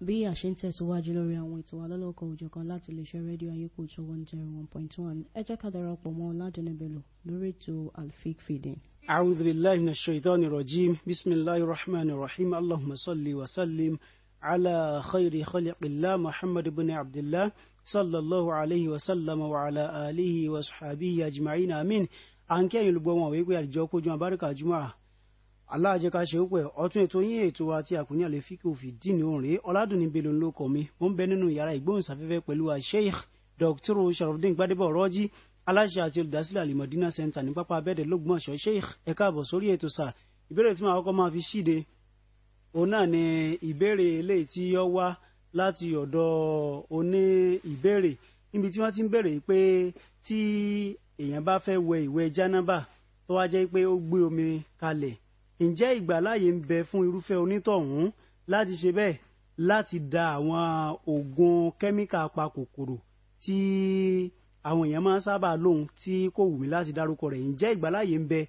bí a ṣe ń tẹ̀síwájú lórí àwọn ètò alọ́lọ́kọ̀ òjọ̀kan láti iléeṣẹ́ rédíò ayékòótọ́ one zero one point one ẹ jẹ́ ká darapọ̀ mọ́ ọ̀làdúnni bello lórí ètò alfik fìdín. a'udhu billahi minash shaitani rajim bisimilahi rahman rahim allahumma salli wa sallim ala khayri khaliqillah muhammad ibn abdullah sallallahu alayhi wa sallam wa ala alihi wa sahbihi ajma'in amin. à ń kẹ́yìn olùgbọ́ wọn wípé àdìjọ́ kójú àbáríkà jùmọ̀ aláàjẹká ṣe ó pẹ ọtún ètò yín ètò wa tí a kò ní àlè fíkì òfin dínì òrìn ọládùnní bèlò ló kọ mi mo ń bẹ nínú yàrá ìgbóhùnsáfẹ́fẹ́ pẹ̀lú sheikh dr sharafdin gbadebo ọrọjì aláṣẹ àti olùdásílẹ̀ alimọdínà center ní pápá abẹ́dẹ̀ lọ́gbọ̀nsọ sheikh ẹ káàbọ̀ sórí ètò sà ìbéèrè tí màá kọ́kọ́ máa fi ṣíde òun náà ni ìbéèrè eléyìí tí ó wá láti ọ̀dọ̀ oní ìbéèrè níbi tí wọ́n ti ń béèrè pé tí èèyàn bá fẹ́ wẹ ìwẹ̀ jánábà tó wá jẹ́ pé ó gbé omi kalẹ̀ ǹjẹ́ ìgbàláyè ń bẹ fún irúfẹ́ onítọ̀hún láti ṣe bẹ́ẹ̀ láti da àwọn oògùn kẹ́míkà apakòkòrò tí àwọn èèyàn máa ń sábà lóhun tí kò wù mí láti dárúkọ rẹ̀ ǹjẹ́ ìgbàláyè ń bẹ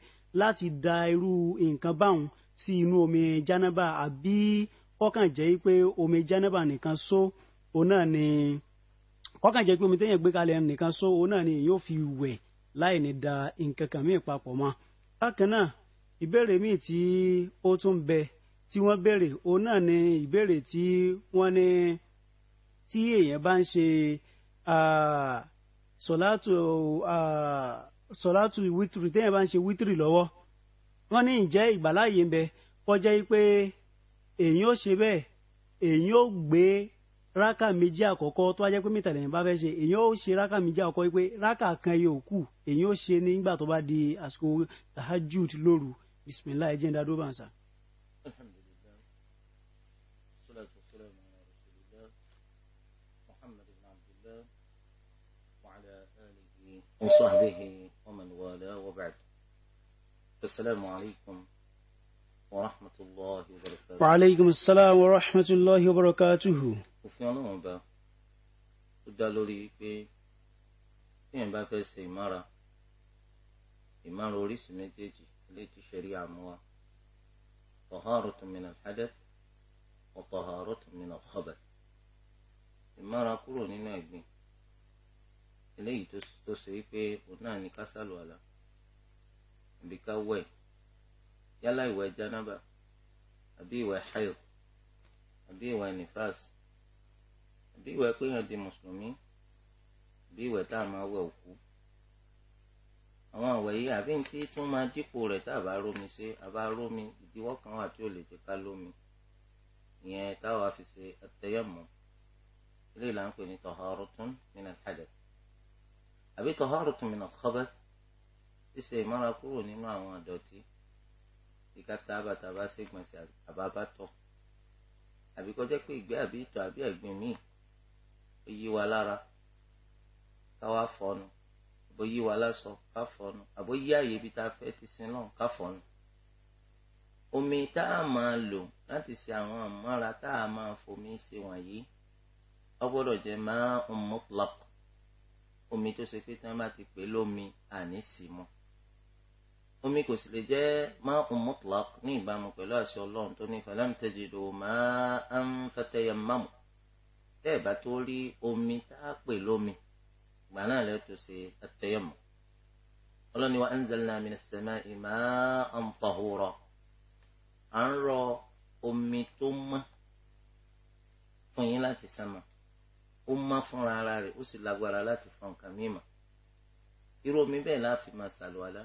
láti da irú nǹkan báwọn sí inú omi jánábà àbí kọ́kàn jẹ́ pé omi jánábà nìkan só òun náà ni kọ́kàn jẹ́ pé omi téèyàn gbé kalẹ̀ nìkan só òun náà ni yóò fi wẹ̀ láì ní da nǹkan kan míì ìbéèrè míì tí ó tún bẹ tí wọ́n béèrè òun náà ni ìbéèrè tí wọ́n ní tí èèyàn bá ń ṣe sọ̀látù sọ̀látù wítìrì téèyàn bá ń ṣe wítìrì lọ́wọ́ wọ́n ní ǹjẹ́ ìgbàláyè ń bẹ kọjá yìí pé èèyàn ó ṣe bẹ́ẹ̀ èèyàn ó gbé rákà méjì àkọ́kọ́ tó wá pé mítàlẹ̀ yẹn bá fẹ́ ṣe èèyàn ó ṣe rákà méjì àkọ́kọ́ pé rákà kan yòókù èèyàn ó ṣe nígbà tó bá di àsìkò tahajud lóru بسم الله جند دوبان الحمد لله والصلاة والسلام على رسول الله محمد بن عبد الله وعلى آله وصحبه ومن والاه وبعد السلام عليكم ورحمة الله وبركاته وعليكم السلام ورحمة الله وبركاته وفي الله مبا ودالو لي إن بافي سيمارا ليت الشريعة مو طهارة من الحدث وطهارة من الخبث ما راكرو نينا يدين ليت تس تسيفي وناني كسل ولا بكوي يلا يوجنبا أبي وحيض أبي ونفاس أبي وكل هذه مسلمين أبي وتعمى وكوب àwọn àwẹ̀ yìí àbí ní tí tún máa dípò rẹ̀ tá a bá rómi ṣe a bá rómi ìdíwọ́ kan wà tí ò lè jẹ́ ká lómi ìyẹn táwa fi ṣe àtẹ̀yẹ̀mọ́ ilé ìlà ń pè ní tọ̀hárùtún minal hadath àbí tọ̀hárùtún minal khabath ṣíṣe ìmọ́ra kúrò nínú àwọn àdọ̀tí ìka tábà tábà ṣègbọ̀nsẹ̀ àbábátọ̀ àbí kọjá pé ìgbẹ́ àbí ìtọ̀ àbí ẹ̀gbin míì ó yí wa lára káwá fọnu bó yí wa lásọ ká fọnu àbó yí àyè ibi tá a fẹ́ ti sin náà ká fọnu. omi tá a máa lò láti ṣe àwọn àmọ́ra tá a máa fomi ṣe wọ̀nyí ó gbọ́dọ̀ jẹ́ máa ń mutlaq omi tó ṣe pé tí wọ́n bá ti pè lómi àní sì mọ́ omi kò sì lè jẹ́ máa ń mutlaq ní ìbámu pẹ̀lú àṣẹ ọlọ́run tó ní falam tajidu ma'an fatayammamu tẹ́ẹ̀ bá tó rí omi tá a pè lómi gbà náà lè tó ṣe at-tayammum ọlọ́ni wa anzalna minas samaa'i ma'an tahura à ń rọ omi tó mọ́ fún yín láti sánmà ó mọ́ fúnra ara rẹ̀ ó sì lágbára láti fọ nǹkan mímọ́ irú omi bẹ́ẹ̀ láàfin máa ṣàlùwàlá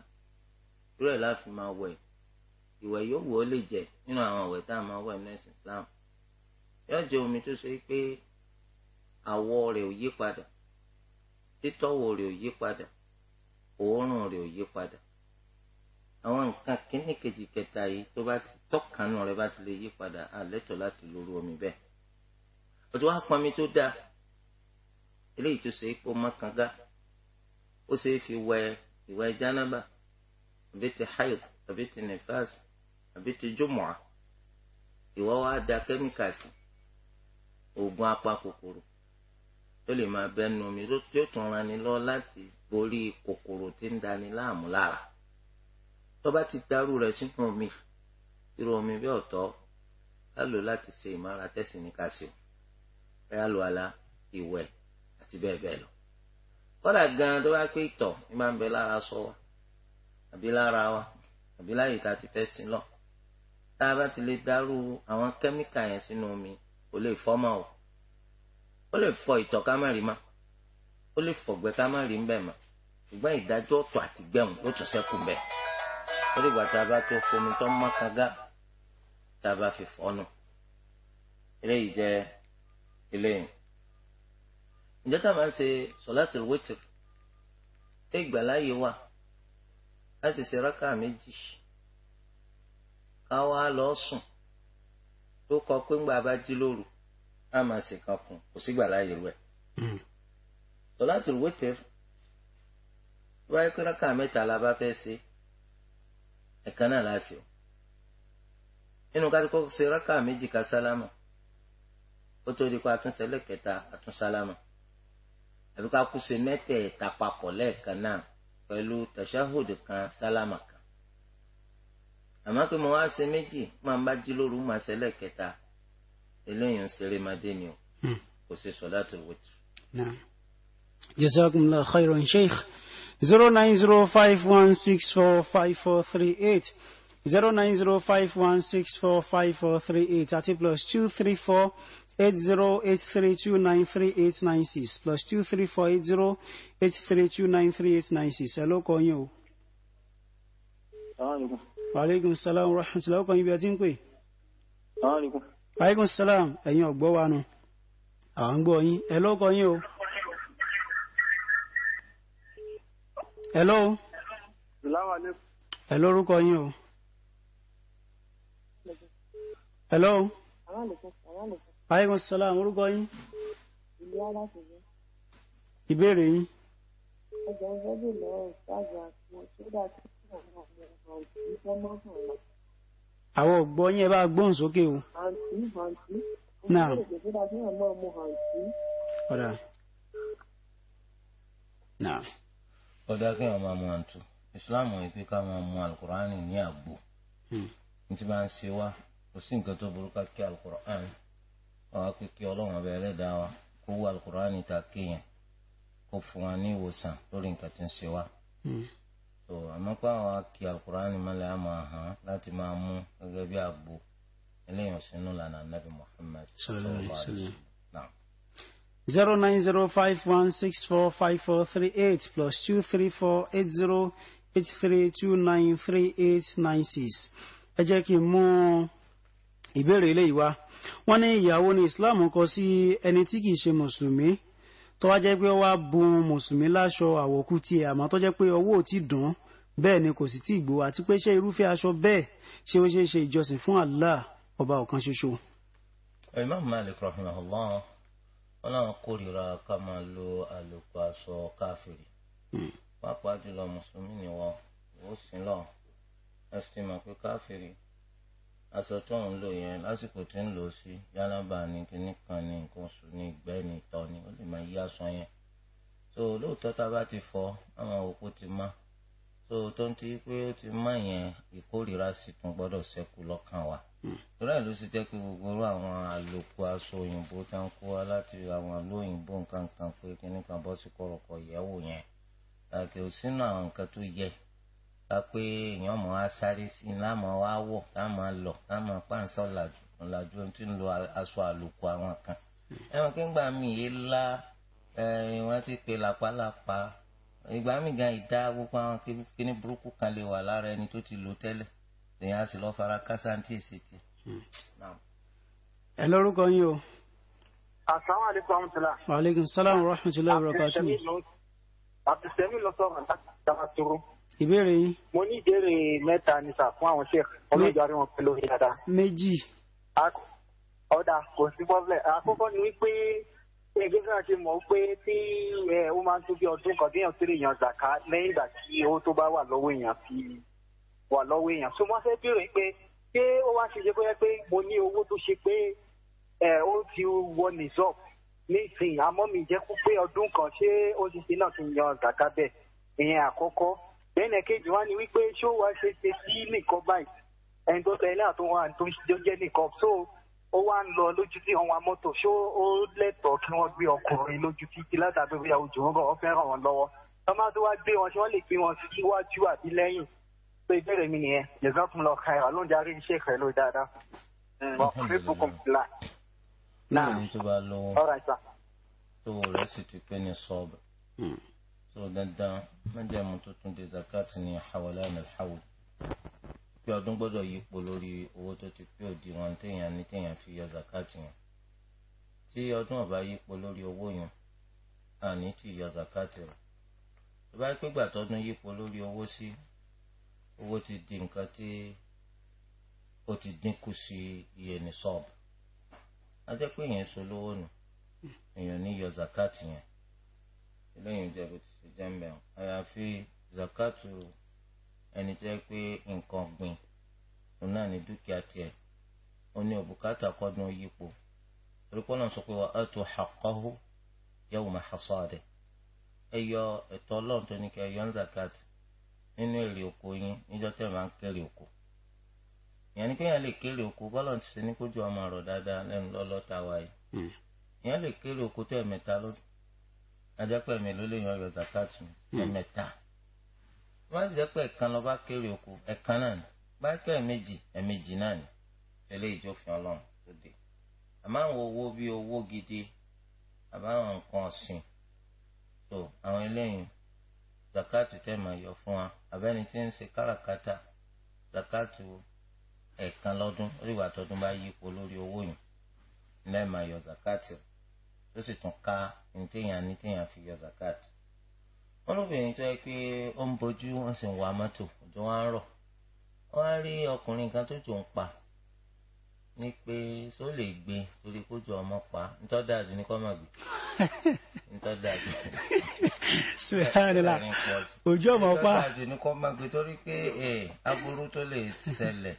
irú ẹ̀ láàfin máa wẹ̀ ìwẹ̀ yóò wò ó lè jẹ nínú àwọn ìwẹ̀ tá a máa wẹ̀ ní ẹ̀sìn Islam yóò jẹ́ omi tó ṣe pé àwọ̀ rẹ̀ ò yí padà títọ́wò rẹ̀ ò yí padà òórùn rẹ̀ ò yí padà àwọn nǹkan kínní kejì kẹta yìí tó bá ti rẹ̀ bá ti lè padà àlẹ́tọ̀ láti lóru omi bẹ́ẹ̀ ọtí wàá pọnmi tó dáa eléyìí tó ṣe é kó ó ṣe é fi wẹ ìwẹ̀ jánábà àbí ti àbí ti tó lè máa bẹnu omi tó tún ran ni lọ láti borí kòkòrò tí ń dani láàmú lára tó bá ti dàrú rẹ̀ sínú omi irú omi bí ọ̀tọ̀ á lò láti ṣe ìmára tẹ̀sí ní kásíò ẹ̀yà lò àlá ìwẹ̀ àti bẹ́ẹ̀ bẹ́ẹ̀ lọ. kódà gan-an tó bá pé ìtọ̀ ní máa ń bẹ lára sọ wa àbí lára wa àbí láyè tá a ti fẹ́ sin lọ tá a bá ti lè dàrú àwọn kẹ́míkà yẹn sínú omi kò lè fọ́mà o ó lè fọ ìtọ̀ ká má rí ma ó lè fọ̀gbẹ́ ká má rí mbẹ́ ma ṣùgbọ́n ìdájọ́ ọ̀tọ̀ àti gbẹ̀hùn ló tún sẹ́kù mbẹ́ ó lè gbà tá a bá tó fomi tó ń mọ́ka gá tá a bá fi a máa ń ṣe kọ pé bá jí á máa ṣe kan kùn kò sígbà láàyè rú ẹ̀. Hmm. sọláàtùl wítìr wáyé pé rákà mẹ́ta la bá fẹ́ ṣe ẹ̀kan náà la ṣe o nínú ká kọ́kọ́ ṣe rákà méjì ká sálámà ó tó di pa àtúnṣe lẹ́kẹ̀ta àtúnṣálámà àbí ká kú ṣe mẹ́tẹ̀ẹ̀ta papọ̀ lẹ́ẹ̀kan náà pẹ̀lú tàṣáhùdù kan sálámà kan àmọ́ pé mo wá ṣe méjì máa ń bá jí lóru máa ṣe lẹ́ẹ̀kẹta eléyìí ń ṣeré madé ni o hmm. kò ṣe solatul witr. jazakumullahu khairan sheikh zero nine zero five one six four five four three eight zero nine zero five one six four five four three eight àti plus two three four eight zero eight three two nine three eight nine six plus two three four eight zero eight three two nine three eight nine six ẹ ló o. salaamaleykum. waaleykum salaam wa rahmatulah ọkọ yín bí a ti ń pè. salaamaleykum aleykum salaam ẹ̀yin ọ̀gbọ́ wa nu à ń gbọ́ yín ẹ lóko yín o. hello. ẹ lórúkọ yín o. hello. aleykum salaam orúkọ yín. ìbéèrè yín. ọjà ìfẹ́ bèèrè lọ́wọ́ ìtajà àti ọ̀ṣọ́dà tó ń bọ̀ ní ọ̀gbìn ìfẹ́ mọ́tò náà àwọn ògbọ́ yẹn bá gbóhùn sókè o. àǹtí àǹtí. náà. ọ̀dà. náà. ọ̀dà kí wọ́n máa mú àǹtú islam ò pé ká máa mú alukur'ani ní àgbo. n ti máa ń ṣe wá kò sí nǹkan tó burú ká kí alukur'ani àwọn akéèké ọlọ́run ọbẹ̀ ẹlẹ́dàá wa kó wú alukur'ani ta kéèyàn kó fún wa ní ìwòsàn lórí nǹkan tó ń ṣe wá. Hmm so àmọ́ àwọn akí alukur'ani mọ́lẹ̀ á máa hàn láti máa mú gẹ́gẹ́ bí àgbo eléyàn sínú lànà nabi muhammed sallallahu alayhi zero nine zero five one six four five four three eight plus two three four eight zero eight three two nine three eight nine six ẹ jẹ́ kí n mú ìbéèrè eléyìí wá wọ́n ní ìyàwó ní islam kọ sí ẹni tí kì í ṣe mùsùlùmí tó wá jẹ́ pé ó wá bun mùsùlùmí láṣọ àwọ̀kù tiẹ̀ àmọ́ tó jẹ́ pé ọwọ́ ò tí dùn bẹ́ẹ̀ ni kò sì tí gbó àti pé ṣé irúfẹ́ aṣọ bẹ́ẹ̀ ṣé ó ṣeé ṣe ìjọsìn fún Allah ọba ọ̀kan ṣoṣo. Imam Malik rahimahullah wọn làwọn kórìíra ká máa lo àlòkù aṣọ káfíìrì hmm. pàápàá jùlọ mùsùlùmí ni wọn ò sí lọ ẹ sì mọ̀ pé káfíìrì aṣọ tó ń lò yẹn lásìkò tí ń lò sí yálábà ní kíní kan ní nǹkan oṣù ní ìgbẹ́ ní ìtọ̀ ni ó lè máa yí aṣọ yẹn so lóòótọ́ tá a bá ti fọ àwọn òkú ti má so tó ń ti pé ó ti má yẹn ìkórìíra sì tún gbọ́dọ̀ ṣẹ́kù lọ́kàn wa hmm. torí àìlú sì jẹ́ kí gbogbo àwọn àlòkù aṣọ òyìnbó tá ń kó wa láti àwọn àlò òyìnbó nǹkan kan pé kíní kan bọ́ sí kọ̀rọ̀kọ̀ yẹ̀wò yẹn àti nípa pé èèyàn mọ̀ á sáré sí i láàmú wa wọ̀ láàmú lọ láàmú pàǹsọ̀ làjú ohun tí ń lo aṣọ àlòkù àwọn kan. ẹ̀wọ̀n kí n gbà mí yé lá wọ́n ti pè lápálàpá ìgbà mí gan ìdá gbogbo àwọn kíní burúkú kan lè wà lára ẹni tó ti lò tẹ́lẹ̀ èèyàn á sì lọ́ọ́ fara kásá ní tìsí ti. Hmm. ẹ lórúkọ yín o. asalaamualeykum wa rahmatulah. waaleykum salaam wa rahmatulah wa barakatuh. abdulsami lọ sọ̀rọ̀ láti dáhà tóró ìbéèrè yín. mo ní ìbéèrè mẹ́ta ní sà fún àwọn sheikh ọlọ́jọ́ àrí wọn pẹ̀lú orí dáadáa. méjì. ọ̀dà kò sí pọ́blẹ̀ àkọ́kọ́ ni wípé ẹgbẹ́ náà ti mọ̀ pé tí ó máa ń tó bí ọdún kan déèyàn tí èèyàn zàká lẹ́yìn ìgbà tí owó tó bá wà lọ́wọ́ èèyàn fi wà lọ́wọ́ èèyàn. so wọ́n fẹ́ béèrè pé ṣé ó wá ṣe ṣe pé pé mo ní owó tó ṣe pé ó ti wọ nìzọ́ọ̀ nísìnyí àmọ́ mi jẹ́ pé ọdún kan ṣé ó ti ṣe náà ti yan zàká bẹ́ẹ̀ ìyẹn àkọ́kọ́ lẹ́nu kejì wá ni wípé ṣó wá ṣe ṣe sí nìkan báyìí ẹni tó tẹ̀lé àtúnwá tó ń jẹ́ nìkan so ó wá ń lọ lójú tí wọn wa mọ́tò ṣó ó lẹ́tọ̀ọ́ kí wọ́n gbé ọkùnrin lójú títí látàgbé bóyá ojú wọn gan fẹ́ ràn wọ́n lọ́wọ́ tọ́mọ́ tó wá gbé wọn ṣé wọ́n lè gbé wọn síwájú àbí lẹ́yìn pé ìbéèrè mi nìyẹn jẹ̀sán lọ ka ẹ̀rọ ló ń darí iṣẹ́ ìfẹ́ ló dáadáa wọ́n fi bùkún fìlà. náà tó bá lówó tó rẹ̀ sì ti pé ní sọ́ọ̀bù. Hmm so dandan mẹjẹmu tuntun de zakati ni hawalan alhawl pé ọdún gbọ́dọ̀ yípo lórí owó tó ti pé òdiwọ̀n téèyàn ní téèyàn fi yọ zakat yẹn tí ọdún ọba yípo lórí owó yẹn àní ti yọ zakat rẹ̀ tó bá pé gbà tọdún yípo lórí owó sí owó ti di nǹkan tí ó ti dínkù sí iye ní sọ́ọ̀bù a jẹ́ pé èèyàn ń solówó nù èèyàn ní yọ zakat yẹn eléyìí ń jẹ́ bó ti sì jẹ́ ń bẹ̀rù àyàfi zakatu ẹni tó yẹ pé nǹkan ọ̀gbìn òun náà ní dúkìá tiẹ̀ ó ní òbúkátà kọ́dún yípo torípọ́n náà sọ pé wa atu haqqahu yawma hasadihi ẹ yọ ẹ̀tọ́ ọlọ́run tó ní kẹ́ ẹ ń zakat nínú èrè oko yín níjọ́ tẹ̀ máa ń kéré oko ìyẹn ni pé èèyàn lè kéré oko bọ́lá ti ṣe ní kójú ọmọ ọ̀rọ̀ dáadáa lẹ́nu lọ́lọ́ta wáyé ìyẹn hmm. lè kéré oko tó ẹ̀mẹ́ta lọ́dún ajẹ́pẹ́ mi ló lè yan ọyọ zakatu hmm. ẹ̀mẹ́ta wọ́n ti jẹ́pẹ́ ẹ̀kan lọ́ba kéré oko ẹ̀kan náà ni bákẹ́ ẹ̀mẹ́jì ẹ̀mẹ́jì náà ni eléyìí tó fi ọlọ́run tó dé àmọ́ àwọn owó bíi owó gidi àbáwọn nǹkan ọ̀sìn tó àwọn eléyìí zakatu tẹ̀ máa yọ fún wa abẹ́ni tí ń ṣe káràkátà zakatu ẹ̀kan lọ́dún orí ìwà tọdún bá yípo lórí owó yìí lẹ́ẹ̀ máa yọ zakatu ó sì tún ká ní téèyàn ní téèyàn fi yọ zakat wọn lóbìnrin tó yẹ pé ó ń bojú wọn sì ń wa mọ́tò òjò wọn á rọ̀ wọn á rí ọkùnrin kan tó jò pa ní pé só lè gbé torí kójú ọmọ pa nítorí dájú ní kọ́ máa gbé nítorí dájú. sùhánilá ojú ọmọ pa nítorí dájú ní kọ́ máa gbé torí pé aburú tó lè ṣẹlẹ̀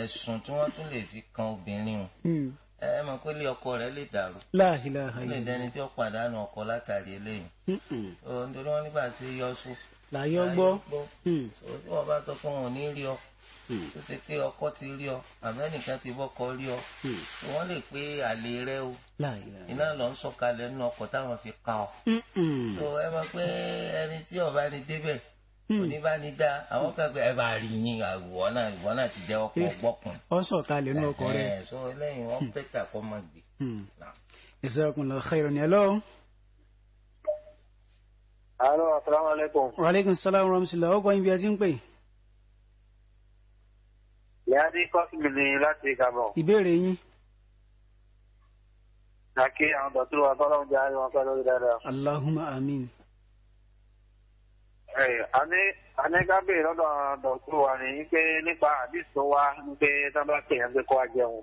ẹ̀sùn tí wọ́n tún lè fi kan obìnrin o hmm ẹ mọ̀ pé lé ọkọ rẹ̀ lè dàrú. láàhìláhà yìí. ó lè dẹni tí ó pàdánù ọkọ látàrí eléyìí. ó nítorí wọn nígbà tí yọṣu. làyọ gbọ́. Mm. tí wọ́n bá sọ pé wọn ò ní rí ọ. Mm. tó ṣe pé ọkọ ti rí ọ àmẹ́nìkan ti bọ́kọ rí ọ. Mm. wọ́n lè pé àlè rẹ o. iná lọ ń sọ̀kalẹ̀ nínú ọkọ̀ táwọn fi ka ọ. so ẹ mọ̀ pé ẹni tí ọba ni débẹ̀. Hmm. oníbánidá àwọn kan pé ẹ bá rí yín àwọ̀ náà ìwọ náà ti jẹ́ ọkọ̀ ọgbọ́kùn. ọ sọ̀kalẹ̀ nínú ọkọ rẹ. ẹ sọ lẹ́yìn wọn hmm. pẹ́tà kọ́ máa gbé. Hmm. jazakumullahu khairan ni ẹlọ. alo asalaamualeykum. waaleykum salaam wa rahmatulah ọkọ ibi ẹ ti ń pè. yàrá kọ́sìmì ni láti kàbọ̀. ìbéèrè yín. àkè àwọn dọ̀tí wa tọ́lọ́mù jẹ́ àríwá pẹ́ lórí dáadáa. allahumma amin anígbàgbé lọ́dọ̀ dọ̀tún wa ni wípé nípa àdìsó wa wípé tábà pè é pé kó a jẹun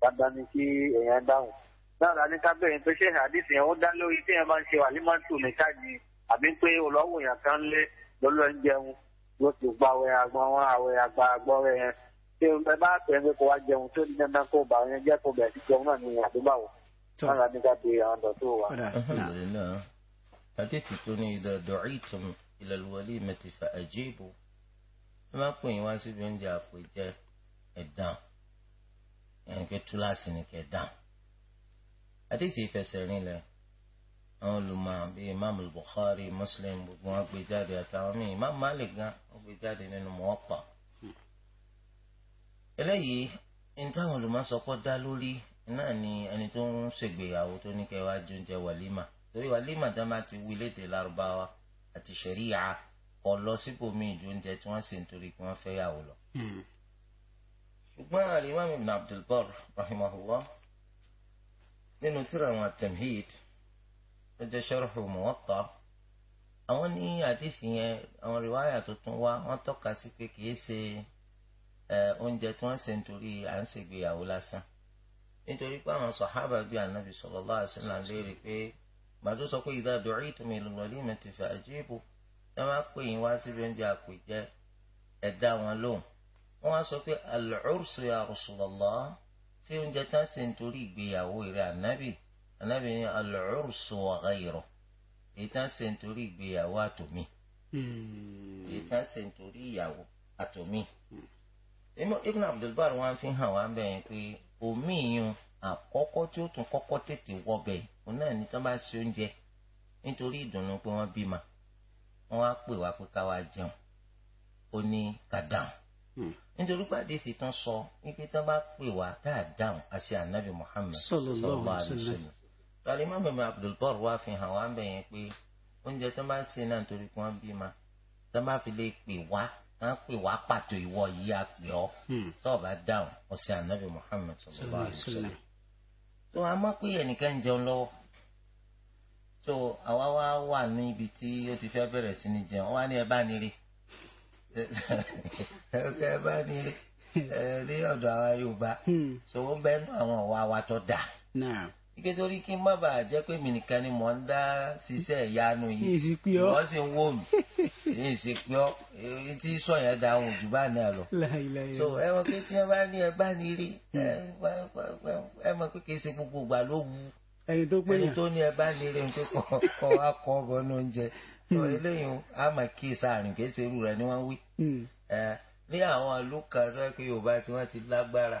dandan ni kí èèyàn dáhùn náà la ní kábẹ́ yẹn pé ṣé àdìsó yẹn ó dá lórí tí yẹn bá ń ṣe wà nígbà tó mi káàdì àbí pé olówó yẹn kan lé lọ́lọ́ ń jẹun ló ti gba àwẹ̀ àgbọn wọn àwẹ̀ àgbà àgbọ̀ rẹ̀ yẹn ṣé ẹ bá pè é pé kó a jẹun tó ní dandan kó bàá yẹn jẹ́ kó bẹ̀ẹ́ sí jẹun náà ni àdúgbàwọ̀ náà la ila al-walimati fa ajibu ẹ má pè yín wá síbi oúnjẹ àpèjẹ ẹ̀dàn ẹni pé túláàsì ni kẹ̀ dàn àdéhìí ìfẹsẹ̀ rinlẹ̀ àwọn olùmọ̀ bíi imam Bukhari Muslim gbogbo wọn gbé jáde àtàwọn míì imam Malik gan wọn gbé jáde nínú Muwatta eléyìí ní táwọn olùmọ̀sọ́kọ́ dá lórí náà ni ẹni tó ń ṣègbéyàwó tó ní kẹ́ wá jóúnjẹ wàlímà torí wàlímà tá a máa ti wí lédè lárúbáwá àti ṣẹ̀ríà kọ lọ sípò míì ju oúnjẹ tí wọ́n ṣe nítorí pé wọ́n fẹ́ yàwó lọ. Hmm. ṣùgbọ́n alimam ibn abdulbar rahimahullah nínú tírà wọn tamhid tó jẹ́ sharhu muwatta àwọn ní àdìsí yẹn àwọn rìwáyà tuntun wá wọ́n tọ́ka sí pé kì í ṣe oúnjẹ tí wọ́n ṣe nítorí à ń ṣègbéyàwó lásán nítorí pé àwọn sàhábà bíi ànábì sallallahu alaihi wasallam léèrè pé gbàtó sọ pé idha du'itum ila al-walimati fa ajibu ẹ máa pè yín wá síbi oúnjẹ àpèjẹ ẹ dá wọn lóhùn wọn wá sọ pé al-ursu ya Rasulullah tí oúnjẹ tá a ṣe ń torí ìgbéyàwó rẹ ànábì ànábì ní al-ursu wa èyí tá a ń torí ìgbéyàwó àtòmí hmm. èyí tá a ń torí ìyàwó àtòmí. Hmm. Ibn Abdul wọn fi hàn wá bẹ́ẹ̀ pé omi yun àkọ́kọ́ tí ó tún kọ́kọ́ tètè wọbẹ̀ òun náà ni tán bá ṣe oúnjẹ nítorí ìdùnnú pé wọ́n bímọ wọ́n wá pè wá pé ká wá jẹun ó ní ká dáhùn hmm. nítorí pàdé sì tún sọ wípé tán bá pè wá tá a dáhùn àṣẹ ànábì Muhammad sallallahu alaihi wasallam tàlí má bẹ̀rẹ̀ Abdul Bar wá fi hàn wá ń bẹ̀ yẹn pé oúnjẹ tán bá ṣe náà nítorí pé wọ́n bímọ tán bá fi lè pè wá à ń pè wá pàtó ìwọ yìí àpè hmm. ọ tó o bá dáhùn ọ̀sẹ̀ ànábì Muhammad sallallahu alaihi so a mọ̀ pé ẹnìkan ń jẹun lọ́wọ́ so àwa wá wà ní ibi tí ó ti fẹ́ bẹ̀rẹ̀ sí ní jẹun wá ní ẹ bá ní rí ẹ bá ní rí ní ọ̀dọ̀ àwa Yorùbá hmm. so ó bẹ́ẹ̀ nú àwọn ọ̀wá wa tó dáa ike torí kí n má bàa jẹ́ pé mi nìkan ni mò ń dá ṣiṣẹ́ ìyanu yìí wọ́n sì ń wò mí ní ìsìnkú tí sọ̀yàn dáhùn jù bá náà lọ. so ẹ mọ̀ pé tí wọ́n bá ní ẹ bá ní rí hmm. ẹ mọ̀ pé kì í ṣe gbogbo ìgbà ló wu ẹni tó pé yàn ẹni tó ní ẹ bá ní rí nǹkan kọ akọ ọgọ ní oúnjẹ hmm. eléyìí á mà kí sàárín kì í ṣe irú rẹ ni wọ́n wí. Hmm. ní àwọn ìlú kan tó yẹ kí Yorùbá tí wọ́n ti lágbára.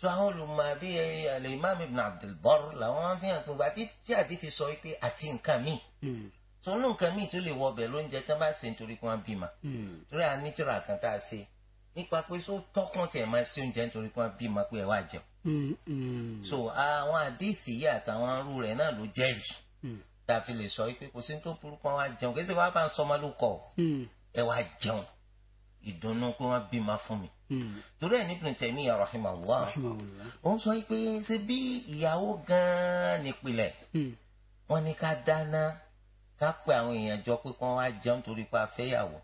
so àwọn olùmọ̀ bí eh, alimami ibn abdulbar làwọn fi hàn pé gbàtí tí àdìtì sọ pé àti nǹkan míì tó ní nǹkan míì tó lè wọ ọbẹ̀ lóúnjẹ tí wọ́n bá ṣe nítorí kí bímọ hmm. torí a ní tíra kan tá a ṣe nípa pé só tọkàn tiẹ̀ máa ṣe oúnjẹ nítorí kí wọ́n bímọ pé ẹ wá jẹun hmm, hmm. so àwọn àdìtì yìí àtàwọn arú rẹ̀ náà ló jẹ́rìí tá a fi lè sọ pé kò sí tó burú kan wá jẹun kí ẹ sì wá bá ń sọmọ ló ẹ wá jẹun ìdùnnú pé wọ́n bímọ fún mi Hmm. torí ẹ̀ ní Ibn Taymiyyah rahimahullah ó ń sọ pé ṣe bí ìyàwó gan-an nípìnlẹ̀ hmm. wọ́n ní ká dáná ká pe àwọn èèyàn jọ pé kán wá jẹun torí pé a fẹ́ yàwó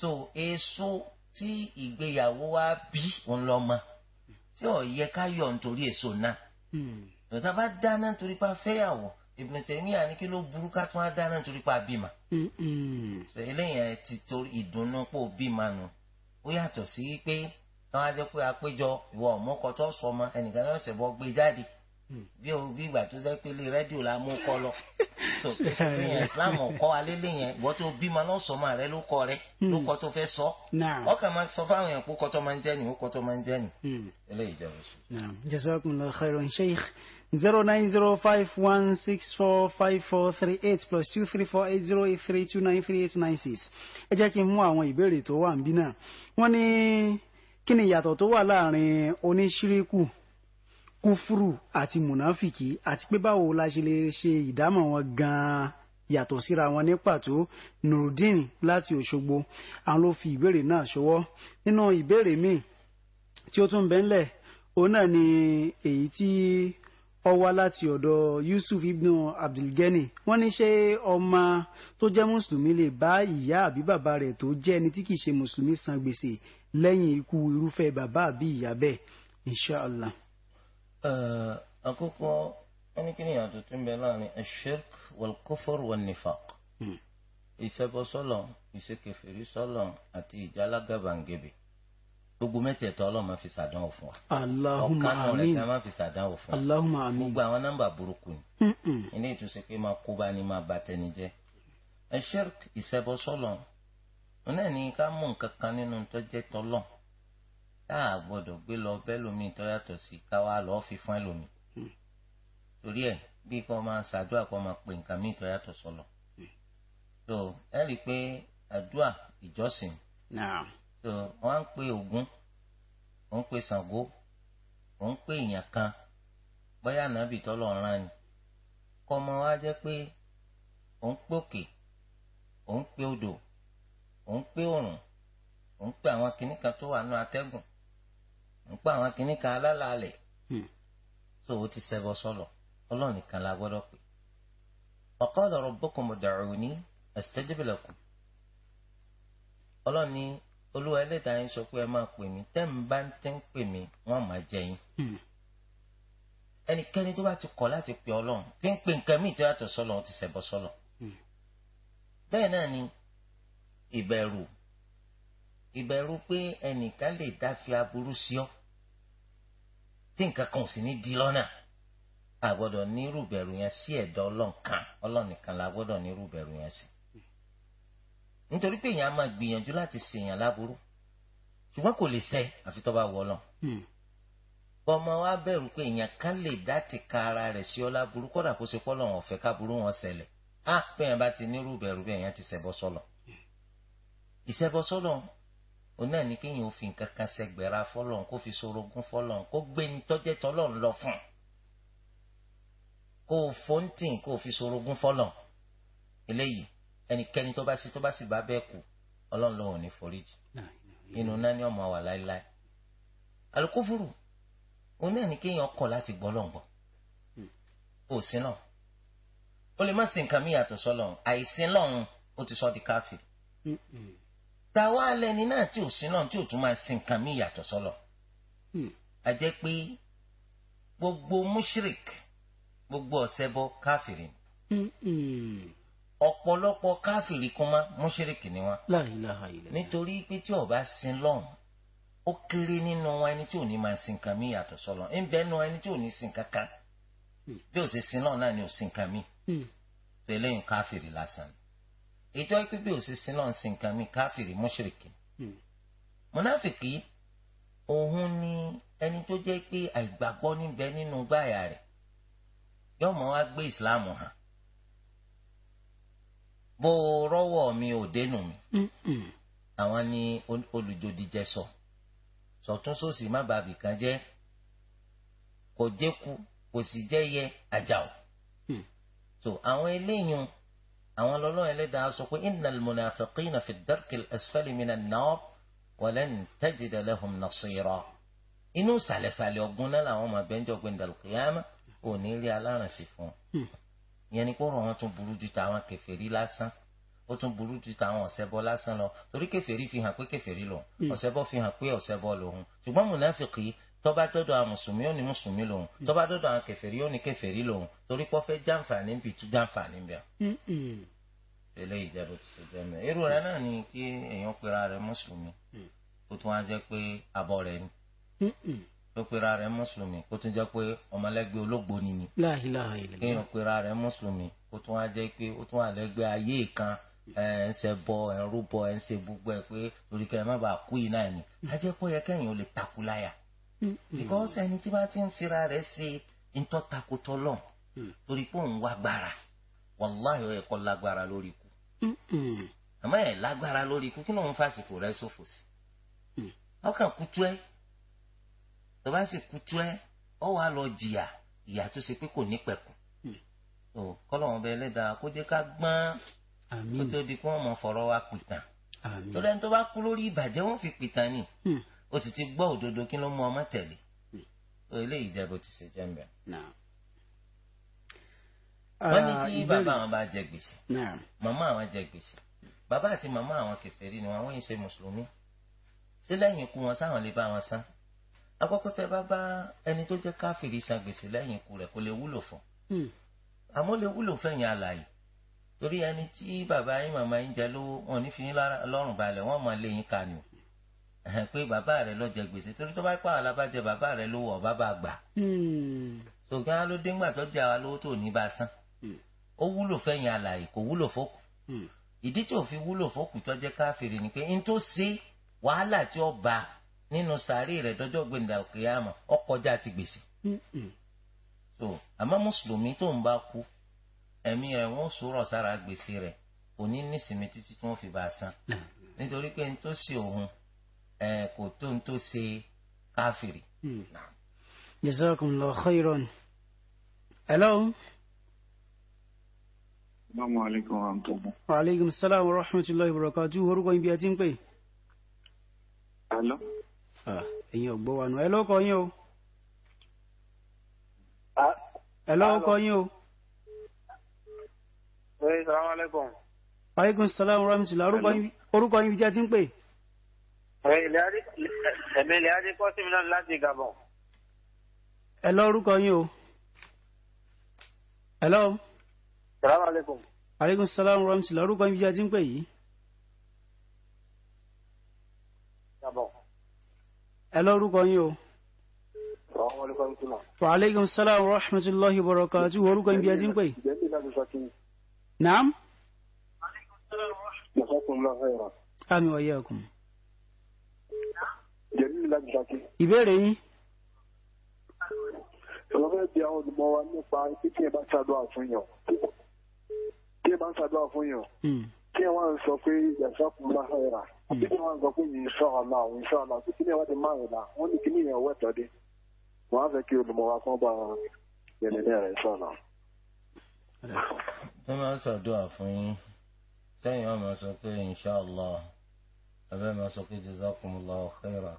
so èso tí ìgbéyàwó wa bí òun lọ́mọ tí ò o ká yọ̀ nítorí èso náà hmm. tòtá bá dáná nítorí pé a fẹ́ yàwó Ibn Taymiyyah ní kí ló burú ká tún á dáná nítorí pé a bímọ. eléyìí ti torí ìdùnnú pò bímọ nù ó yàtọ̀ sí pé wọn á jẹ pé àpéjọ ìwọ ọmọkọ tó sọ ọmọ ẹnìkan náà ṣẹbọ gbé e jáde hmm. bí o bí ìgbà tó jẹ pé ilé rédíò la mú kọ lọ so ìyẹn islam ọkọ alẹ́lẹ́ yẹn ìwọ tó bímọ náà sọmọ rẹ ló kọ rẹ ló hmm. kọ tó fẹ́ sọ ọkàn máa sọ fáwọn yẹn kó kọ tó máa ń jẹ́ nì kó kọ tó máa ń jẹ́ nì. ilé ìjọba. jazakumullahu khairan sheikh. 09051645438 plus 2348083293896 ẹ jẹ́ kí n mú àwọn ìbéèrè tó wà níbí náà wọ́n ní kí ni ìyàtọ̀ tó wà láàrin oníṣíríkù kúfúrù àti mùnáfìkì àti pé báwo la ṣe lè ṣe ìdámọ̀ wọn gan-an yàtọ̀ síra wọn ní pàtó nurudeen láti Òṣogbo àwọn ló fi ìbéèrè náà ṣọwọ́ nínú ìbéèrè míì tí ó tún bẹ́ńlẹ̀ òun náà ni èyí tí ó wá láti ọ̀dọ̀ Yusuf ibn Abdulgani wọ́n ní ṣé ọmọ tó jẹ́ mùsùlùmí lè bá ìyá àbí bàbá rẹ̀ tó jẹ́ ẹni tí kìí ṣe mùsùlùmí san gbèsè lẹ́yìn ikú irúfẹ́ bàbá àbí ìyá bẹ́ẹ̀ inshàlá. àkókò ẹnikẹ́ni yàtọ̀ tó ń bẹ láàrin ashirk walkufur walnifaq hmm. ìṣẹ́bọ sọ́lọ̀ ìṣekèfèrí sọ́lọ̀ àti ìjàlágàbàǹgebè gbogbo mẹ́tẹ̀ẹ̀tọ́ ọlọ́mọ fi sàdánwò fún wa. Allahumma amin ọ̀kan rẹ̀ ká má fi sàdánwò fún wa. Allahumma amin gbogbo àwọn nọ́mbà burúkú ni. ilé ìtúnṣe pé máa kó bá ní máa bà tẹni jẹ́. ẹ ṣírk ìṣẹbọ sọlọ òun náà ní ká mú nǹkan kan nínú tó jẹ́ tọlọ tá a gbọ́dọ̀ gbé lọ bẹlòmíì tó yàtọ̀ sí ká wá lọ fi fún ẹlòmíì. Mm. torí ẹ bí kò máa ṣàdúrà kò máa pè nǹkan míì tó yàtọ̀ sọlọ. tó mm. ẹ rí i pé àdúrà ìjọsìn. so wọ́n ń pe Ògún wọ́n ń pe Ṣàngó wọ́n ń pe èèyàn kan bóyá nàbì tọ́lọ̀ ńlá ni kọ́ ọmọ wa jẹ́ pé ò ń pé òkè ń pé odò ò òun pé òrùn ń pé àwọn kinní kan tó wà nù atẹ́gùn ń pé àwọn kinní kan alálàálẹ̀ hmm. so o ti ṣẹbọ sọlọ Ọlọ́run nìkan la gbọ́dọ̀ pè wa qala rabbukum ud'uni astajib lakum Ọlọ́run ni. olúwa ẹlẹ́dàá yín sọ pé ẹ máa pè mí tẹ́ ń bá ń tẹ́ ń pè mí wọ́n máa jẹ yín. Hmm. ẹnikẹ́ni tó bá ti kọ̀ láti pè ọlọ́run tí ń pè nǹkan míì tó yàtọ̀ sọ́lọ̀ ti ṣẹbọ sọ́lọ̀. Hmm. bẹ́ẹ̀ náà ni ìbẹ̀rù ìbẹ̀rù pé ẹnìkan lè dáfi aburú sí ọ tí nǹkan kan ò sì ní di lọ́nà àgbọ́dọ̀ nírú ìbẹ̀rù yẹn sí ẹ̀dọ̀ ọlọ́run kan ọlọ́run nírú ìbẹ̀rù yẹn sí nítorí pé èèyàn á máa gbìyànjú láti ṣèyàn láburú ṣùgbọ́n kò lè ṣe àfi tó bá wọ lọ. Hmm. ọmọ wa bẹ̀rù pé èèyàn kan lè dá tìka ara rẹ̀ sí ọ láburú kódà kó ṣe pọ́lọ̀ wọn ọ̀fẹ́ káburú wọn ṣẹlẹ̀ á bẹ́ẹ̀ bá ti nírú bẹ̀rù bẹ́ẹ̀ yẹn ti ṣẹbọ sọ́lọ̀. ìṣẹbọ sọ́lọ̀ òun náà ní kéèyàn ò fi nǹkan kan ṣẹgbẹ̀ra fọ́lọ̀ kó fi sorogún fọ́lọ̀ kó gbé ní tọ́jẹ́ tọ́lọ̀ lọ fún kó fóńtìn kó fi sorogún fọ́lọ̀ eléyìí ẹnikẹ́ni tó bá sí tó bá sì bá bẹ́ẹ̀ kú ọlọ́run lòun ò ní foríjì inú náà ni ọmọ wà láéláé alukófòrò òun náà ní kéèyàn kọ̀ láti gbọ́ lọ́ngbọ̀n ò sí náà ó lè má sí nǹkan mí yàtọ̀ sọ́lọ́run àìsí lọ́run ó ti sọ di káfíìn hmm, hmm. tàwa lẹni náà tí ò sí náà tí ò tún máa sí nǹkan mí yàtọ̀ sọ́lọ́ hmm. a jẹ́ pé gbogbo mushrik gbogbo ọ̀sẹ̀ bọ́ káfíìn. ọ̀pọ̀lọpọ̀ káfìrí kúnmá mọ́ṣẹ́rẹ́kì ni wọn. nítorí pé tí ọba bá sin lọ́hùn ó kéré nínú wọn ẹni tí ò ní mi yàtọ̀ sọ́lọ́ ẹni tí ò ní sin kankan hmm. bí ó ṣe sin ni ò sin nǹkan mi hmm. pẹ̀lẹ́yìn káfìrí lásán ìjọ pé bí ó ṣe sin mi káfìrí mọ́ṣẹ́rẹ́kì. Hmm. òun ni ẹni tó jẹ́ pé àìgbàgbọ́ níbẹ̀ nínú gbáyà rẹ̀ yọ́mọ bó rọ́wọ́ mi ò dénú mi àwọn ni olùjòdìjẹ sọ sọtún sósì má bàbí kan jẹ kò jẹku kò sì jẹ yẹ àjàò hmm. so àwọn eléyìí àwọn lọ́lọ́run ẹlẹ́dàá sọ pé innal munafiqina fi darkil asfali minan nar walan tajida lahum nasira inú sàlẹ̀sàlẹ̀ ọ̀gbun náà làwọn ọmọ abẹ́ńjọ́ gbẹ̀ndàlùkìyàmà hmm. ò ní rí alárànṣe fún un. Hmm ìyẹn ni kóró wọn tún burú ju tàwọn kèfèrí lásán ó tún burú ju tàwọn ọ̀sẹ̀bọ lásán lọ torí kèfèrí fi hàn pé kèfèrí lòun hmm. ọ̀sẹ̀bọ fi hàn pé ọ̀sẹ̀bọ lòun ṣùgbọ́n mùnáfìkì tó bá dọ́dọ̀ àwọn mùsùlùmí ó ní mùsùlùmí lòun hmm. tó bá dọ́dọ̀ àwọn kèfèrí ó ní kèfèrí lòun torí pé ó fẹ́ jàǹfààní bí tún jàǹfààní bẹ́ẹ̀. Hmm, eléyìí jẹ́ bó ti ṣe jẹ́ mẹ́ irú rẹ̀ náà ni kí èèyàn pera rẹ̀ mùsùlùmí ó tún wá jẹ́ pé abọ́ rẹ̀ ni tó pera rẹ̀ mùsùlùmí kó tún jẹ́ pé ọmọlẹ́gbẹ́ olóògbò ni ni kéèyàn pera rẹ̀ mùsùlùmí kó tún wá jẹ́ pé ó tún wà lẹ́gbẹ́ ayé kan ẹ̀ ń ṣe bọ ẹ̀ ń rúbọ ẹ̀ ń ṣe gbogbo ẹ̀ pé torí kẹ́ má bàa kú yìí náà ni ajẹ́ pé ó yẹ kẹ́yìn ò lè takú láyà mm, mm. because ẹni tí bá ti ń fira rẹ̀ ṣe ntọ́ takotọ́ lọ mm. torí pé òun wá gbára wàláhì ó yẹ kó lágbára lórí ikú àmọ́ ẹ̀ lágbára lórí ikú kí ló ń fàsìkò rẹ̀ ṣòfò sí ọkàn kútu ẹ̀ tó bá sì kutu ẹ ọ wà lọ jìyà ìyà tó ṣe pé kò ní pẹ̀kun o hmm. kọlọ́wọ́n bẹ ẹlẹ́dàá kó jẹ́ ká gbọ́n kó tó di kó wọ́n mọ̀ fọ̀rọ̀ wa pìtàn tó dẹ́ni tó bá kú lórí ìbàjẹ́ wọ́n fi pìtàn ni hmm. o sì ti gbọ́ òdodo kí ló mú ọmọ tẹ̀lé hmm. o eléyìí jẹ́ bó ti ṣe jẹ́ ń wọ́n ní kí ah, bàbá àwọn bá jẹ gbèsè màmá àwọn jẹ gbèsè bàbá àti màmá àwọn kèfèrí ni wọ́n wọ́n yìí ṣe mùsùlùmí sí lẹ́yìn ikú wọn sáwọn lè bá wọn san àkọ́kọ́ tẹ́ bá bá ẹni tó jẹ́ káfíìrì san gbèsè lẹ́yìn ikú rẹ̀ kò lè wúlò fún hmm. àmọ́ lè wúlò fẹ̀yìn alààyè torí ẹni tí bàbá yín màmá yín jẹ lówó wọn ò ní fi yín lọ́rùn balẹ̀ wọ́n máa lé yín ka ni o pé bàbá rẹ̀ ló jẹ gbèsè torí tó bá pa àwọn alábàjẹ bàbá rẹ̀ lówó ọba bá gbà ṣùgbọ́n hmm. á ló dé ńgbà tó jẹ àwa lówó tó ní bá san hmm. ó wúlò fẹ̀yìn alààyè kò wúlò fókù ìdí tí ò fi wúlò fókù tó jẹ́ káfíìrì ni pé n tó ṣe wàhálà tí ó bá nínú sàárì rẹ̀ dọ́jọ́ gbẹ̀ndà kìyàmà ó kọjá ti gbèsè. so àmọ́ mùsùlùmí tó ń bá kú ẹ̀mí rẹ̀ wọ́n sọ̀rọ̀ sára gbèsè rẹ̀ kò ní nísìmí títí tí wọ́n fi bá a san nítorí pé n tó ṣe òun kò tó n tó ṣe káfìrì. Mm. jazakumullahu khairan. hello. Assalamu alaikum wa rahmatullahi. Wa alaikum assalam wa rahmatullahi wa barakatuh. Orúkọ ibi ẹ ti ń pè. Hello. Ah, ẹ̀yin ọ̀gbọ́n wa nù ẹ lọ́kọ yín o. ẹ ah. lọ́kọ yín o. ṣe salaamaleykum. aleykum salaam rahmatulah orúkọ yín jẹ́ ti ń pè. ẹ̀mí ilé adé kọ́ sí mi náà láti Gabon. ẹ lọ orúkọ yín o. hello. salaamaleykum. aleykum salaam rahmatulah orúkọ yín jẹ́ ti ń pè yìí. ẹ lórúkọ yín o. wa aleykum salaam wa rahmatulahi wa barakatuh orúkọ ibi ẹtí ń pè. naam. ami wa yakum. ìbéèrè yín. ìrọ̀lẹ́ bí àwọn olùmọ̀ wa nípa títí bá ṣàdúrà fún yàn tí bá ṣàdúrà fún yàn tí wá sọ pé yàtọ̀ kùn láhàrá kí ni wọn gbọ pé yìí sọ̀rọ̀ náà òun sọ̀rọ̀ náà kí ni wọn ti máa rìn náà wọn ní kí ni ìyẹn wẹtọ dé wọn á fẹ́ kí olùmọwà kan bá wọn yẹnìlẹ rẹ sọ̀rọ̀. tó máa ń ṣàdúrà fún yín sẹ́yìn wọn máa sọ pé inṣàlá abẹ́ máa sọ pé jazakumullahu khaira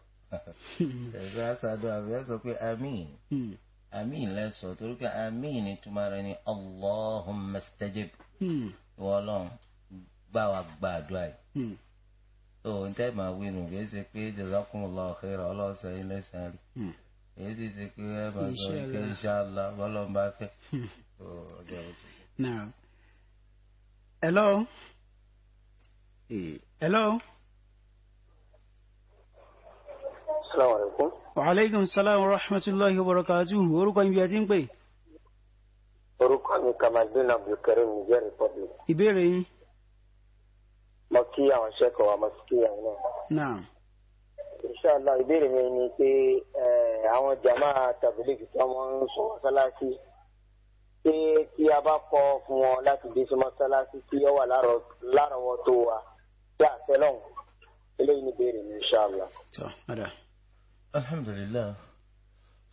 ẹ̀sọ́ àṣàdúrà bẹ́ẹ̀ sọ pé àmín àmín hmm. lẹ́sọ̀ torí pé àmín ni rẹ ni allahumma stajib hmm. wọ́ọ́lọ́n gbà wá gbàdúrà yìí. Hmm ohun tẹ́ máa wí nù kìí ṣe pé jazakumullahu khaira ọlọ́sẹ̀ ilé sàn rí èyí sì ṣe pé ẹ máa sọ pé inshallah bọ́lọ̀ ń bá fẹ́. now hello hello. salaamaleykum. wa aleykum salaam wa rahmatulahi wa barakatuhu orúkọ ibi ẹ ti ń pè. orúkọ mi Kamaldeen Abdulkareem Niger Republic. ìbéèrè yín. مكيا وشيكا ومسكيا نعم ان شاء الله يدير مني في اه عوان جماعة تبليغ سمان وصلاتي في كي ابا قوف مولاك دي سمان سلاسي كي او لارو وطوة جا سلون لين ديري ان شاء الله الحمد لله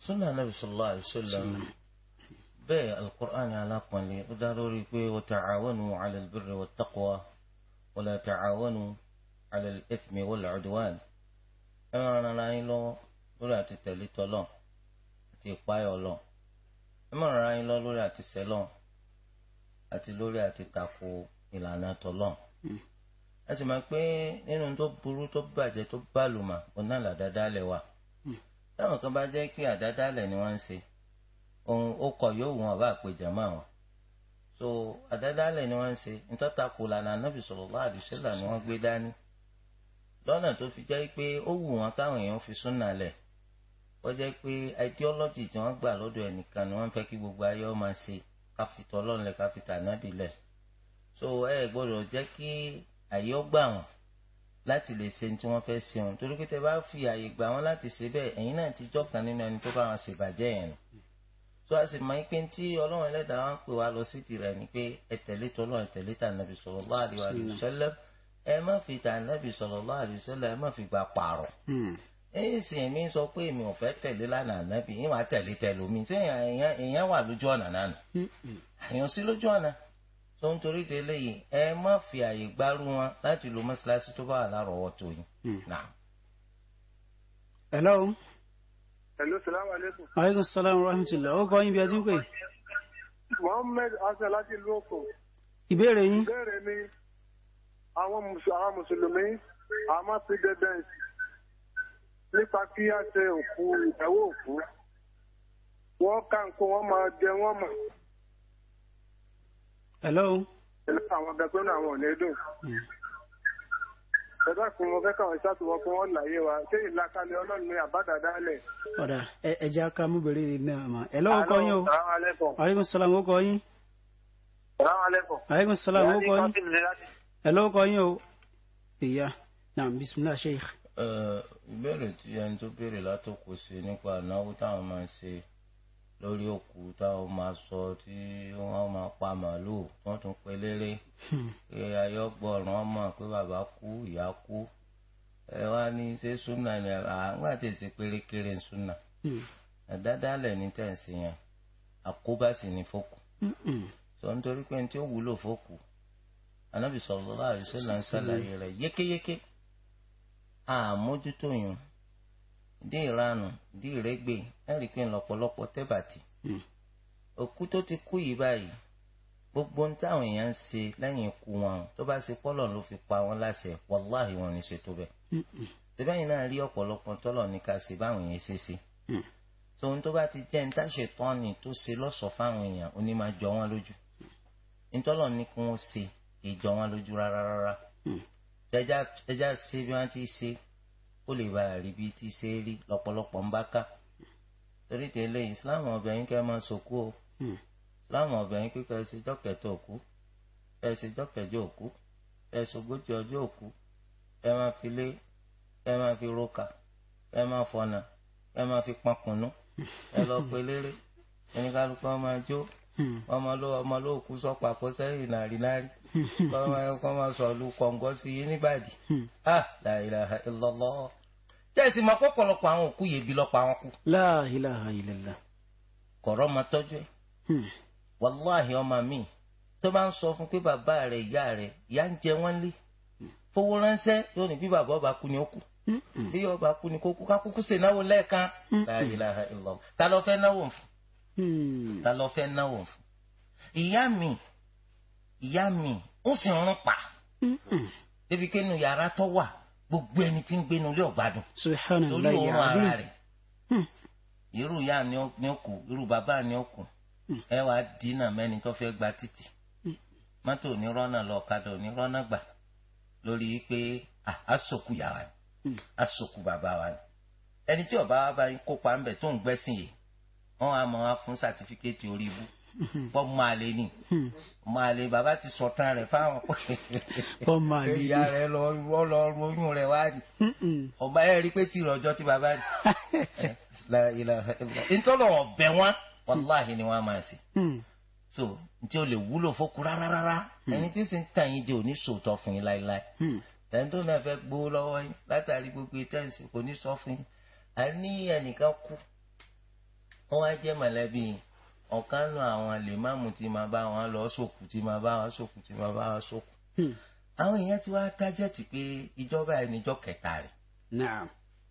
سنة النبي صلى الله عليه وسلم بالقرآن على قولي وداروري وتعاونوا على البر والتقوى ولا تعاونوا على الإثم والعدوان ẹ máa ran ara yín lọ́wọ́ lórí àti tẹ̀lé tọ́lọ̀ àti ìpáyọ̀ lọ ẹ máa ran ara yín lọ́wọ́ lórí àti sẹ́lọ̀ àti lórí àti tako ìlànà tọ́lọ̀ hmm. ẹ sì máa pé nínú tó burú tó bàjẹ́ tó bàlùmà ọ̀nà àdádálẹ̀ wà hmm. táwọn kan bá jẹ́ pé àdádálẹ̀ ni wọ́n ń ṣe ohun ó kọ yóò wọ́n ọba àpèjàmọ́ àwọn àdádálẹ̀ ni wọ́n ń ṣe nítọ́takò lànà anábì sallallahu alaihi wasallam ni wọ́n gbé dání lọ́nà tó fi jẹ́ pé ó wù wọ́n káwọn èèyàn fi súnà lẹ̀ wọ́n jẹ́ pé ideology tí wọ́n gbà lọ́dọ̀ ẹnìkan ni wọ́n fẹ́ kí gbogbo ayé ọmọ ṣe káfíntà ọlọ́run lẹ̀ káfíntà anábì lẹ̀ so ẹ gbọ́dọ̀ jẹ́ kí àyè ó gbà wọ́n láti lè ṣe tí wọ́n fẹ́ ṣe wọn torí pé tẹ bá fi àyè gbà wọ́n láti ṣe bẹ́ẹ̀ ẹ̀yin náà ti jọ́ kan nínú ẹni tó bá wọn ṣèbàjẹ́ yẹn nù tó a sì mọ pé tí ọlọ́run ẹlẹ́dàá wa ń pè wá lọ sí tirẹ̀ ni pé ẹ tẹ̀lé tọ́lọ́run ẹ tẹ̀lé tànàbì sallallahu alaihi wasallam ẹ má fi tànàbì sallallahu alaihi wasallam ẹ má fi gbà pààrọ̀ èyí hmm. sì èmi sọ pé èmi ò fẹ́ tẹ̀lé lánàá nàbì yín wàá tẹ̀lé tẹ̀lé omi tí èèyàn wà lójú ọ̀nà náà nù àyàn hmm, hmm. sí lójú ọ̀nà tó ń torí de léyìí ẹ Hello, salamu alaikum. Aleykum salaam wa rahmatulah. Ó gbọ́ yín bí ẹ ti ń pè. Mohammed Hasan láti ìlú Òkò. Ìbéèrè yín. Ìbéèrè mi, àwọn Mùsùlùmí, àmọ́ sí dandan nípa kí á ṣe òkú ìdáwó òkú. Wọ́n ká nǹkan wọ́n máa jẹ wọ́n mọ̀. Hello. Hello, àwọn gẹ̀ẹ́sì náà àwọn ò ní dùn. Hmm ẹ dákun mo fẹ́ káwọn iṣẹ́ àtiwọ́ fún wọn láyé wa ṣé ìlàkalẹ̀ ọlọ́run ní àbádàdá lẹ̀. ọ̀dà ẹ jẹ́ ká mú bèrè náà mọ̀ ẹ lọ́wọ́ kọ́ yín o aleykum salaam ó kọ́ yín. aleykum salaam ó kọ́ yín. ẹ lọ́wọ́ kọ́ yín o. ìyá naam bisimilah sheikh. ìbéèrè tí ẹni tó béèrè látòkò ṣe nípa ànáwó táwọn máa ń ṣe lórí òkú táwọn máa sọ tí wọ́n máa pa màálùú wọ́n tún pe léré hmm. pé ayọ́gbọ̀ràn ọmọ pé bàbá kú ìyá kú ẹ wá ní ṣé súnà ni àgbà tí èsì pérékéré ń súnà àdádálẹ̀ hmm. ní tẹ̀sí yẹn àkóbá sì ní fòkù sọ nítorí pé ní tí ó wúlò fòkù anábì sallallahu alaihi wasallam ń ṣàlàyé rẹ̀ yékéyéké àmójútó yẹn dé ìranù dé ìrẹ́gbè ẹ̀rí pé ńlọ́pọ̀lọpọ̀ tẹ́bàtì. Hmm. òkú tó ti kú yìí báyìí gbogbo ń táwọn èèyàn ń ṣe lẹ́yìn ikú wọn tó bá ṣe pọ́lọ̀ ló fi pa wọn láṣẹ wàláhì wọn ní ṣe tó bẹ́ẹ̀. Hmm. tẹ́bẹ́yìn náà rí ọ̀pọ̀lọpọ̀ tọ́lọ̀ ní ká ṣe báwọn èèyàn ṣe ṣe. tòun hmm. tó bá ti jẹ́ ń táṣe tọ́ni tó ṣe lọ́sọ̀ọ́ fáwọn èèyàn ó ní máa jọ wọn lójú. ntọ́lọ̀ ní kí wọ́n ṣe ìjọ wọn lójú rárá rárá. ẹja ṣe bí wọ́n ti ṣe kó lè bá rí bí ti ṣe rí lọ́pọ̀lọpọ̀ ń bá ká torí tẹ́lẹ̀ islam ọbẹ̀yìn kẹ́ máa sòkú o hmm. islam ọbẹ̀yìn pé kẹ́ ẹ ṣe jọ́kẹ̀tọ̀ òkú ẹ ṣe jọ́kẹ̀jọ́ òkú ẹ ṣogójì ọjọ́ òkú ẹ máa fi lé ẹ máa fi roka ẹ máa fọnà ẹ máa fi pọnkùnú ẹ lọ pe léré oníkálukú máa jó hmm. ọmọ ló ọmọ ló kú sọpà kó sẹ́yìn nàrínàrí hmm. kọ́ máa sọ̀lù kọ̀ǹgọ́ sí i nígbàdí ah la ilaha illallah. tẹ́sí ma kọ́kọ́lọpọ̀ àwọn òkú yẹbi lọ́pọ̀ àwọn kú. La ilaha illallah. kọ̀rọ̀ ma tọ́jú ẹ̀. Hmm. wàláhì ọmọ mi tó bá ń sọ fún pé bàbá rẹ̀ ìyá rẹ̀ ìyá ń jẹ wọ́n lé hmm. fowó ránṣẹ́ yóò ní bí bàbá ọba kú ni ó kú hmm. bí ọba kú ni kó kú kákúkú ṣe náwó lẹ́ẹ̀kan La ilaha illallah ta ló fẹ́ náwó fún ta ló fẹ́ náwó fún ìyá mi ìyá mi ó sì ń rún pa débi pé nu yàrá tó wà gbogbo ẹni tí ń gbénu ilé ọ̀gbádùn torí òun ara rẹ̀ hmm. irú ya ni ó kù irú bàbá ni ó kù hmm. ẹ wá dínà mẹ́ni tó fẹ́ gba títì hmm. mọ́tò onírọ́nà lọ ọ̀kadà onírọ́nà gbà lórí pé àsòkù yàrá ni àsòkù bàbá wa ni ẹni tí ọba wa bá kópa ń bẹ̀ tó ń gbẹ́sìn yìí wọ́n á mọ̀ wá fún sátífíkẹ́tì orí ibú. bọ́ máa lé ni máa hmm. lé bàbá ti sọ̀tàn rẹ̀ fáwọn bọ́ máa lé ni ìyá rẹ̀ lọ wọ́n lọ ru oyún rẹ̀ wá ni ọba ẹ̀ rí pé tí ìrọ̀jọ́ ti bàbá ni ntọ́lọ̀ ọ̀bẹ̀ wọn wàláhì ni wọ́n máa ṣe hmm. so ntí o lè wúlò fókun rárá rárá hmm. ẹni tí sì ń tàn yín jẹ òní sòótọ́ fún yín láéláé tẹ̀ntó náà fẹ́ gbó lọ́wọ́ yín látàrí gbogbo ìtẹ̀sí kò ní sọ fún yín a ní ẹnìkan kú wọ́n á jẹ́ mọ̀lẹ́bí yín ọ̀kan nu àwọn lèmáàmù tí máa bá wọn lọ sókù tí máa bá wọn sókù tí máa bá wọn sókù. Hmm. àwọn èèyàn ti wá tájẹ́tì pé ìjọba ẹni jọ kẹta rẹ̀.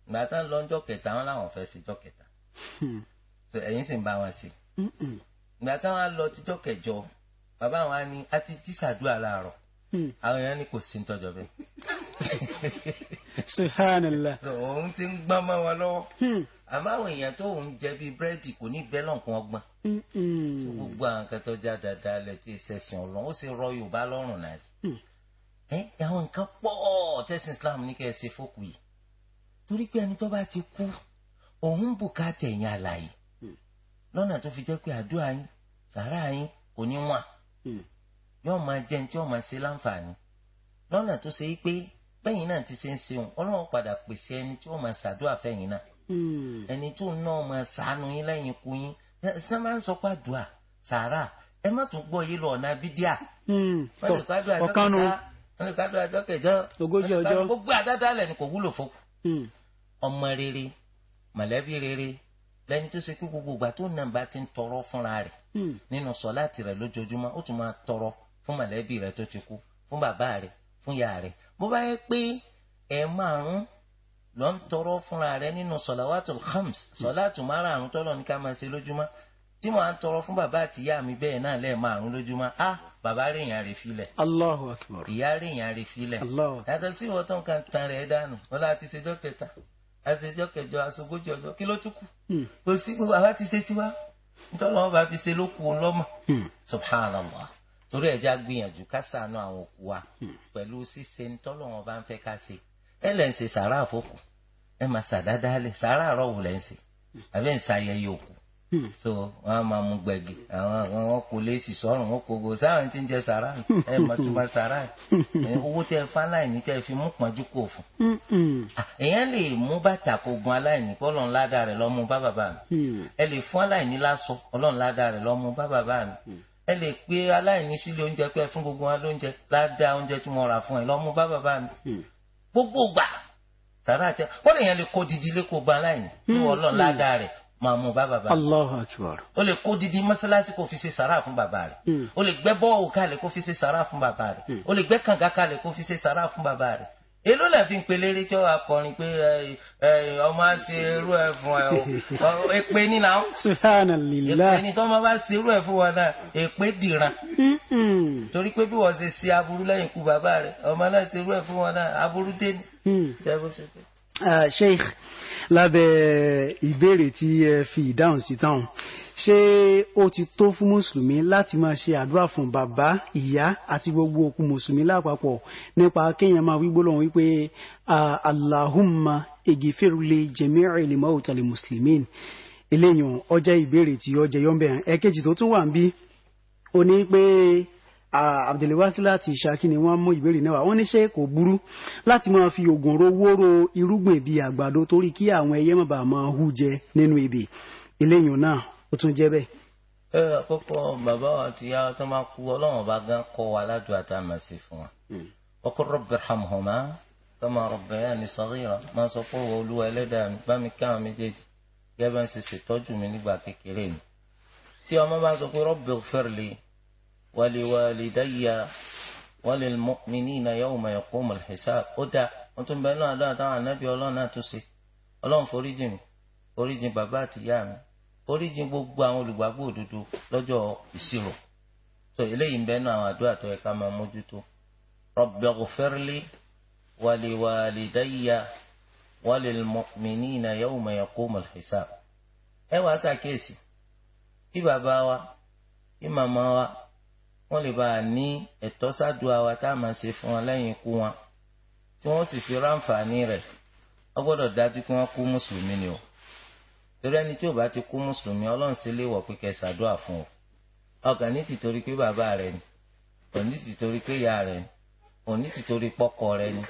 ìgbà tán lọ jọ kẹta wọn làwọn fẹ́ sí jọ kẹta. Hmm. ẹ̀yin sì ń bá wọn sí. ìgbà táwọn lọ tíjọ́ kẹjọ bàbá wọn á a ti ti ṣàdúrà láàárọ̀ hmm. àwọn èèyàn ní kò sí tọjọ bẹ́ẹ̀. subhanallah. òun ti ń gbọ́n mọ́ wọn lọ́wọ́ àmọ́ àwọn èèyàn tó ń jẹ bíi búrẹ́dì kò ní bẹ́ẹ̀ lọ́nkàn ọgbọ́n. tó gbogbo àwọn nǹkan tó já dáadáa lẹ ti ṣẹ̀sìn ọlọ́run ó sì rọ yorùbá lọ́rùn náà rí. Mm. ẹ àwọn nǹkan pọ̀ tẹ́sán islam ní kẹ́ ẹ ṣe fókù yìí torí pé ẹni tó bá ti kú òun bùkátà ẹ̀yìn àlàyé mm. lọ́nà tó fi jẹ́ pé àdúrà yín sàárà yín kò ní wọ̀n mm. yóò máa jẹun tí yóò máa ṣe láǹfààní lọ́nà tó ṣe pé bẹ́yìn náà ti ṣe ń ṣeun ọlọ́run padà pèsè ẹni tí yóò máa ṣàdúrà fẹ́yìn náà Hmm. ẹni tó náà máa ṣàánú yín lẹ́yìn ikú yín ṣé máa ń sọ pàdùà sàrà ẹ má tún gbọ́ yìí lọ ọ̀nà bídíà. ọ̀kan hmm. nu wọ́n lè ká dùn àjọ kẹjọ ogójì ọjọ́ gbogbo àdáda lẹ́nu kò wúlò fún. Hmm. ọmọ rere mọ̀lẹ́bí rere lẹ́ni tó ṣe kí gbogbo ìgbà tó nà bá ti ń tọrọ fúnra rẹ̀ nínú sọ̀láàtì rẹ̀ lójoojúmọ́ ó tún máa tọrọ fún mọ̀lẹ́bí rẹ̀ tó ti kú fún bàbá rẹ̀ fún ìyá rẹ̀ bó bá yẹ pé ẹ̀ márùn-ún lọ́n tọrọ fúnra rẹ nínú sọ̀làwátò khams sọ̀làtù márààrún tọ́lọ̀ ní ká máa ṣe lójúmọ́ tí mo à ń tọrọ fún bàbá àti ìyá mi bẹ́ẹ̀ náà lẹ́ẹ̀márùn lójúmọ́ a bàbá rèèyàn rè filẹ̀. Allahu akbar. ìyá rèèyàn rè filẹ̀. yàtọ̀ sí ìwọ tó ń kan tan rẹ̀ dànù wọn láti ṣèjọ́ kẹta àṣejọ́ kẹjọ aṣogójì ọjọ́ kí ló tún kù. Hmm. kò sí àwa ti ṣe tiwa nítorí wọn bá fi ṣe ló kù hmm. subhanallah torí ẹja gbìyànjú ká ṣàánú àwọn òkú wa hmm. pẹ̀lú ṣíṣe ntọ́lọ́wọ́n bá ń fẹ́ ká ṣe ẹ lẹ́ ń ṣe sàrà àfọkù ẹ máa ṣàdáadáa lẹ̀ sàárà àárọ̀ wò lẹ́ ń ṣe àbẹ́ ń òkú hmm. so wọn a máa mú gbẹ̀gì àwọn wọn kò lè sì sọrùn wọn kò gò sáà ti ń jẹ sàárà ẹ máa tún bá sàárà hmm. owó tẹ fún aláìní tẹ fi mú pọ́njú kò fún hmm. èèyàn lè mú bàtà kó gun aláìní kó lọ́n ládàá rẹ̀ lọ́mú bá bàbá mi ẹ lè fún aláìní lásọ ọlọ́run ládàá rẹ̀ lọ́mú bá bàbá mi ẹ lè pe aláìní sílé oúnjẹ pé fún gbogbo wọn lóúnjẹ ládàá oúnjẹ tí mo rà fún ẹ lọ́mú bá bàbá mi gbogbo gbà sàrà àti ó lè yẹn lè kó didi lé kó gba aláìní ní hmm. ọlọ́run ládàá rẹ̀ máa mú bá bàbá rẹ̀ ó lè kó didi mọ́sálásí kó fi ṣe Sara fún bàbá rẹ̀ ó hmm. lè gbẹ́ bọ́ọ̀wù kalẹ̀ kó fi ṣe sàrà fún bàbá rẹ̀ ó hmm. lè gbẹ́ kànga kalẹ̀ kó fi ṣe sàrà fún bàbá rẹ̀ èló là fi ń pe léré tí wọn akọrin pé ọmọ á ṣe irú ẹ fún ẹ o èpè ní là ń. subhanallah èpè ní tí wọn bá ṣe irú ẹ fún wọn náà èpè dìran. torí pé bí wọn ṣe ṣe aburú lẹ́yìn ikú bàbá rẹ ọmọ náà ṣe irú ẹ fún wọn náà aburú dé ni. Mm. Ah, sheikh lábẹ́ ìbéèrè tí ẹ fi ìdáhùn sí táwọn ṣé ó ti tó fún mùsùlùmí láti máa ṣe àdúrà fún bàbá ìyá àti gbogbo òkú mùsùlùmí lápapọ̀ nípa kéèyàn máa wígbó lọ́wọ́ wípé allahumma egifirule jami'i limawta li muslimin eléyàn ọjọ́ ìbéèrè tí ọjọ́ yọ̀ǹbẹ̀ ẹ̀kejì tó tún wà ń bí ó ní pé abdulwasi láti Ṣakí ni wọ́n mú ìbéèrè náà wá wọ́n ní ṣé kò burú láti máa fi oògùn rowóró irúgbìn bíi àgbàdo torí kí àwọn ẹyẹ má máa hù jẹ nínú ebè eléyàn náà ó tún jẹ́ bẹ́ẹ̀. ẹ àkọ́kọ́ bàbá àti ìyá tó máa kú ọlọ́run bá gán kọ́ wa ládùú àtàmà sí fún wa. ọkọ hmm. rabbi irhamhuma kama rabbayani saghira máa sọ pé wọ́n olúwa ẹlẹ́dàá mi bá mi káwọn méjèèjì gẹ́gẹ́ bá ń ṣe ṣètọ́jú mi nígbà kékeré mi. tí ọmọ bá sọ pé rabbi ighfirli wa li walidayya wa lil mu'minina yawma yaqumul hisab ó dáa wọ́n tún bẹ́ẹ̀ náà dáa táwọn anábì ọlọ́run náà tún ṣe ọlọ́run foríjì mi foríjì bàbá àtìyá mi foríjì gbogbo àwọn olùgbàgbọ́ òdodo lọ́jọ́ ìṣirò tó eléyìí ń bẹ́ẹ̀ náà àwọn àdúrà tó yẹ ká máa mójútó rabbi ghfirli wa li walidayya wa lil mu'minina yawma yaqumul hisab ẹ wàá ṣàkíyèsí kí bàbá wa kí màmá wa wọ́n lè bá a ní ẹ̀tọ́ sádùá wa tá a máa ṣe fún wọn lẹ́yìn ikú wọn tí wọ́n sì fi ráǹfààní rẹ̀ ó gbọ́dọ̀ dájú pé wọ́n kú mùsùlùmí ni o torí ẹni tí ò bá ti kú mùsùlùmí ọlọ́run sì lè wọ̀ pé kẹ́ ṣàdúrà fún o ọkàn ní tìtorí pé bàbá rẹ ni òní tìtorí pé ìyá rẹ ni òní tìtorí pọ́kọ rẹ ni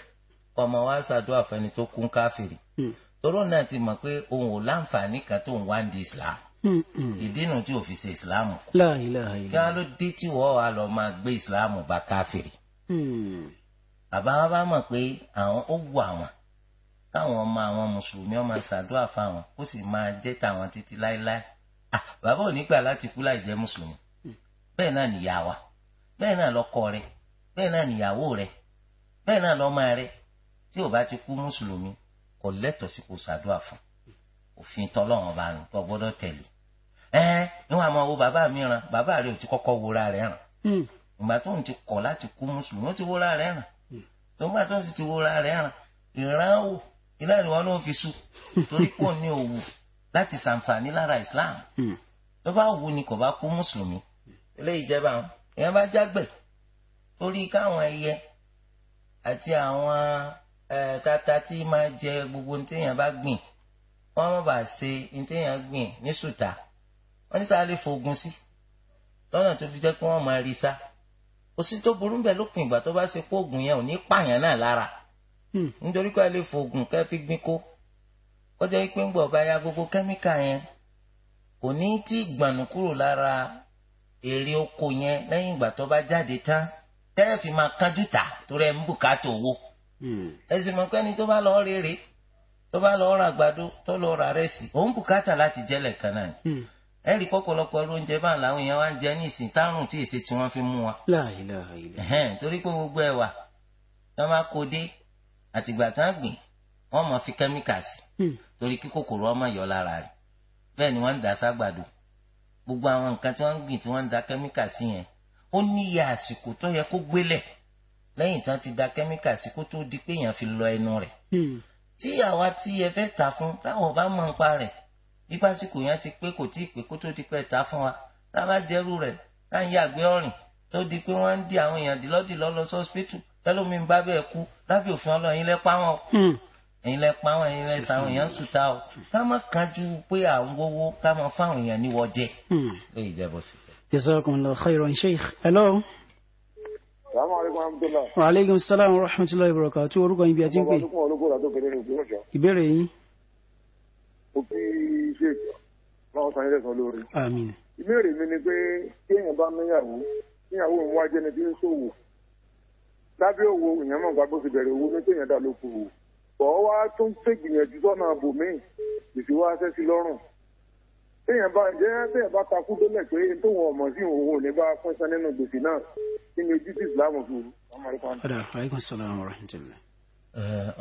ọmọ wa ṣàdúrà fún ẹni tó kún káfìrì hmm. toró náà ti mọ̀ pé òun ò láǹfààní kan tó ń wá di islam hmm, hmm. ìdínà tí ò fi ṣe islam kù kí wọ́n ló dé tí wọ́n wà lọ́ọ́ máa gbé islam bá káfìrì bàbá wa bá mọ̀ pé àwọn ó wù àwọn káwọn ọmọ àwọn mùsùlùmí ọmọ ṣàdúrà fáwọn ó sì máa jẹ́ tàwọn títí láéláé ah, bàbá ò ní gbà láti kú láì jẹ́ mùsùlùmí hmm. bẹ́ẹ̀ náà nìyá wa bẹ́ẹ̀ náà lọ́kọ rẹ bẹ́ẹ̀ náà nìyàwó rẹ bẹ́ẹ̀ náà lọ́mọ rẹ tí ò bá ti kú mùsùlùmí kò lẹ́tọ̀ọ́ sí kò ṣàdúrà fún òfin tọ́lọ́run bá nù tó gbọ́dọ̀ tẹ̀lé ẹ níwọ̀n àmọ́ wo bàbá mi ràn bàbá rẹ ò ti kọ́kọ́ wora rẹ ràn hmm. ìgbà tó ń ti kọ̀ láti kú mùsùlùmí ó ti wora rẹ ràn hmm. tó tó ń sì ti wora rẹ ràn ìran iná ìwọ náà fi sú torí kò ní òwú láti ṣàǹfààní lára islam hmm. tó bá wù ni kò bá kú mùsùlùmí eléyìí jẹba àwọn èèyàn bá jágbẹ̀ torí káwọn ẹyẹ àti àwọn tata tí máa jẹ gbogbo ntéèyàn bá gbìn wọn má bàa ṣe ntéèyàn gbìn ní sùtà wọn ní sáà lè fògùn sí lọ́nà tó fi jẹ́ kí wọ́n máa rí sá kò tó burú bẹ́ẹ̀ lópin ìgbà tó bá ṣe kó oògùn yẹn ò ní pààyàn náà lára Hmm. nítorí pé a lè fògùn ká fi gbin kó ó jẹ́ pé ń gbọ̀ báyà gbogbo kẹ́míkà yẹn kò ní tí gbànú kúrò lára èrè oko yẹn lẹ́yìn ìgbà tó bá jáde tán tẹ́ẹ̀ fi máa kánjú tà tó rẹ̀ ń bùkátà owó. Hmm. ẹ mọ̀ pé ẹni tó bá lọ rere tó ra àgbàdo tó lọ rẹ́sì òun bùkátà láti jẹ́lẹ̀ kan náà ni. Hmm. ẹ rí oúnjẹ bá làwọn èèyàn wá ń jẹ gbogbo tó àtìgbà tá a gbìn wọ́n máa fi kẹ́míkà sí hmm. torí kí kòkòrò ọmọ yọ lára rẹ̀ bẹ́ẹ̀ ni wọ́n ń dà ságbàdo gbogbo àwọn nǹkan tí wọ́n ń gbìn tí wọ́n ń da kẹ́míkà sí yẹn ó ní iye àsìkò tó yẹ kó gbélẹ̀ lẹ́yìn tí wọ́n ti da kẹ́míkà sí kó tó di pé èèyàn fi lọ ẹnu rẹ̀ hmm. tí àwa tí ẹ fẹ́ ta fún táwọn bá mọ̀ nípa rẹ̀ nípa yẹn ti pé kò tí ì pé kó tó di pé ta fún wa tá a bá jẹ́rú rẹ̀ tá à ń yàgbé ọ̀rìn tó di pé wọ́n ń di àwọn èèyàn dìlọ́dìlọ́ lọ sọ́spítù tẹlómi ń bá bẹ́ẹ̀ kú lábẹ́ òfin ọlọ́run ẹ̀yin lẹ pa wọn o hmm. ẹ̀yin lẹ pa wọn ẹ̀yin lẹ sàwọn èèyàn ń sùta o ká má kanjú pé à ń wọ́wọ́ ká má fáwọn èèyàn níwọ̀ jẹ. lóyè ìjẹ́bọ̀ sí. jazakumullahu khairan sheikh hello. wa aleykum salaam wa rahmatulahi wa barakatuh orúkọ yín bí a ń pè. ìbéèrè yín. mo kí sheikh báwo sanni lẹsàn lórí. ìbéèrè mi ni pé kí èèyàn bá lábẹ́ òwò èèyàn mọ̀ gbàgbọ́ ti bẹ̀rẹ̀ owó ní tèèyàn dá lóko wò bọ̀ ọ́ wá tó ń ṣe gbìyànjú sọ́nà àbòmíì ìfi wá ṣẹ́ sí lọ́rùn téèyàn bá jẹ́ téèyàn bá takú dólẹ̀ pé tó wọn ọmọ sí òun ò ní bá pín san nínú gbèsè náà kí ni ojú sí ìsìláàmù fún un.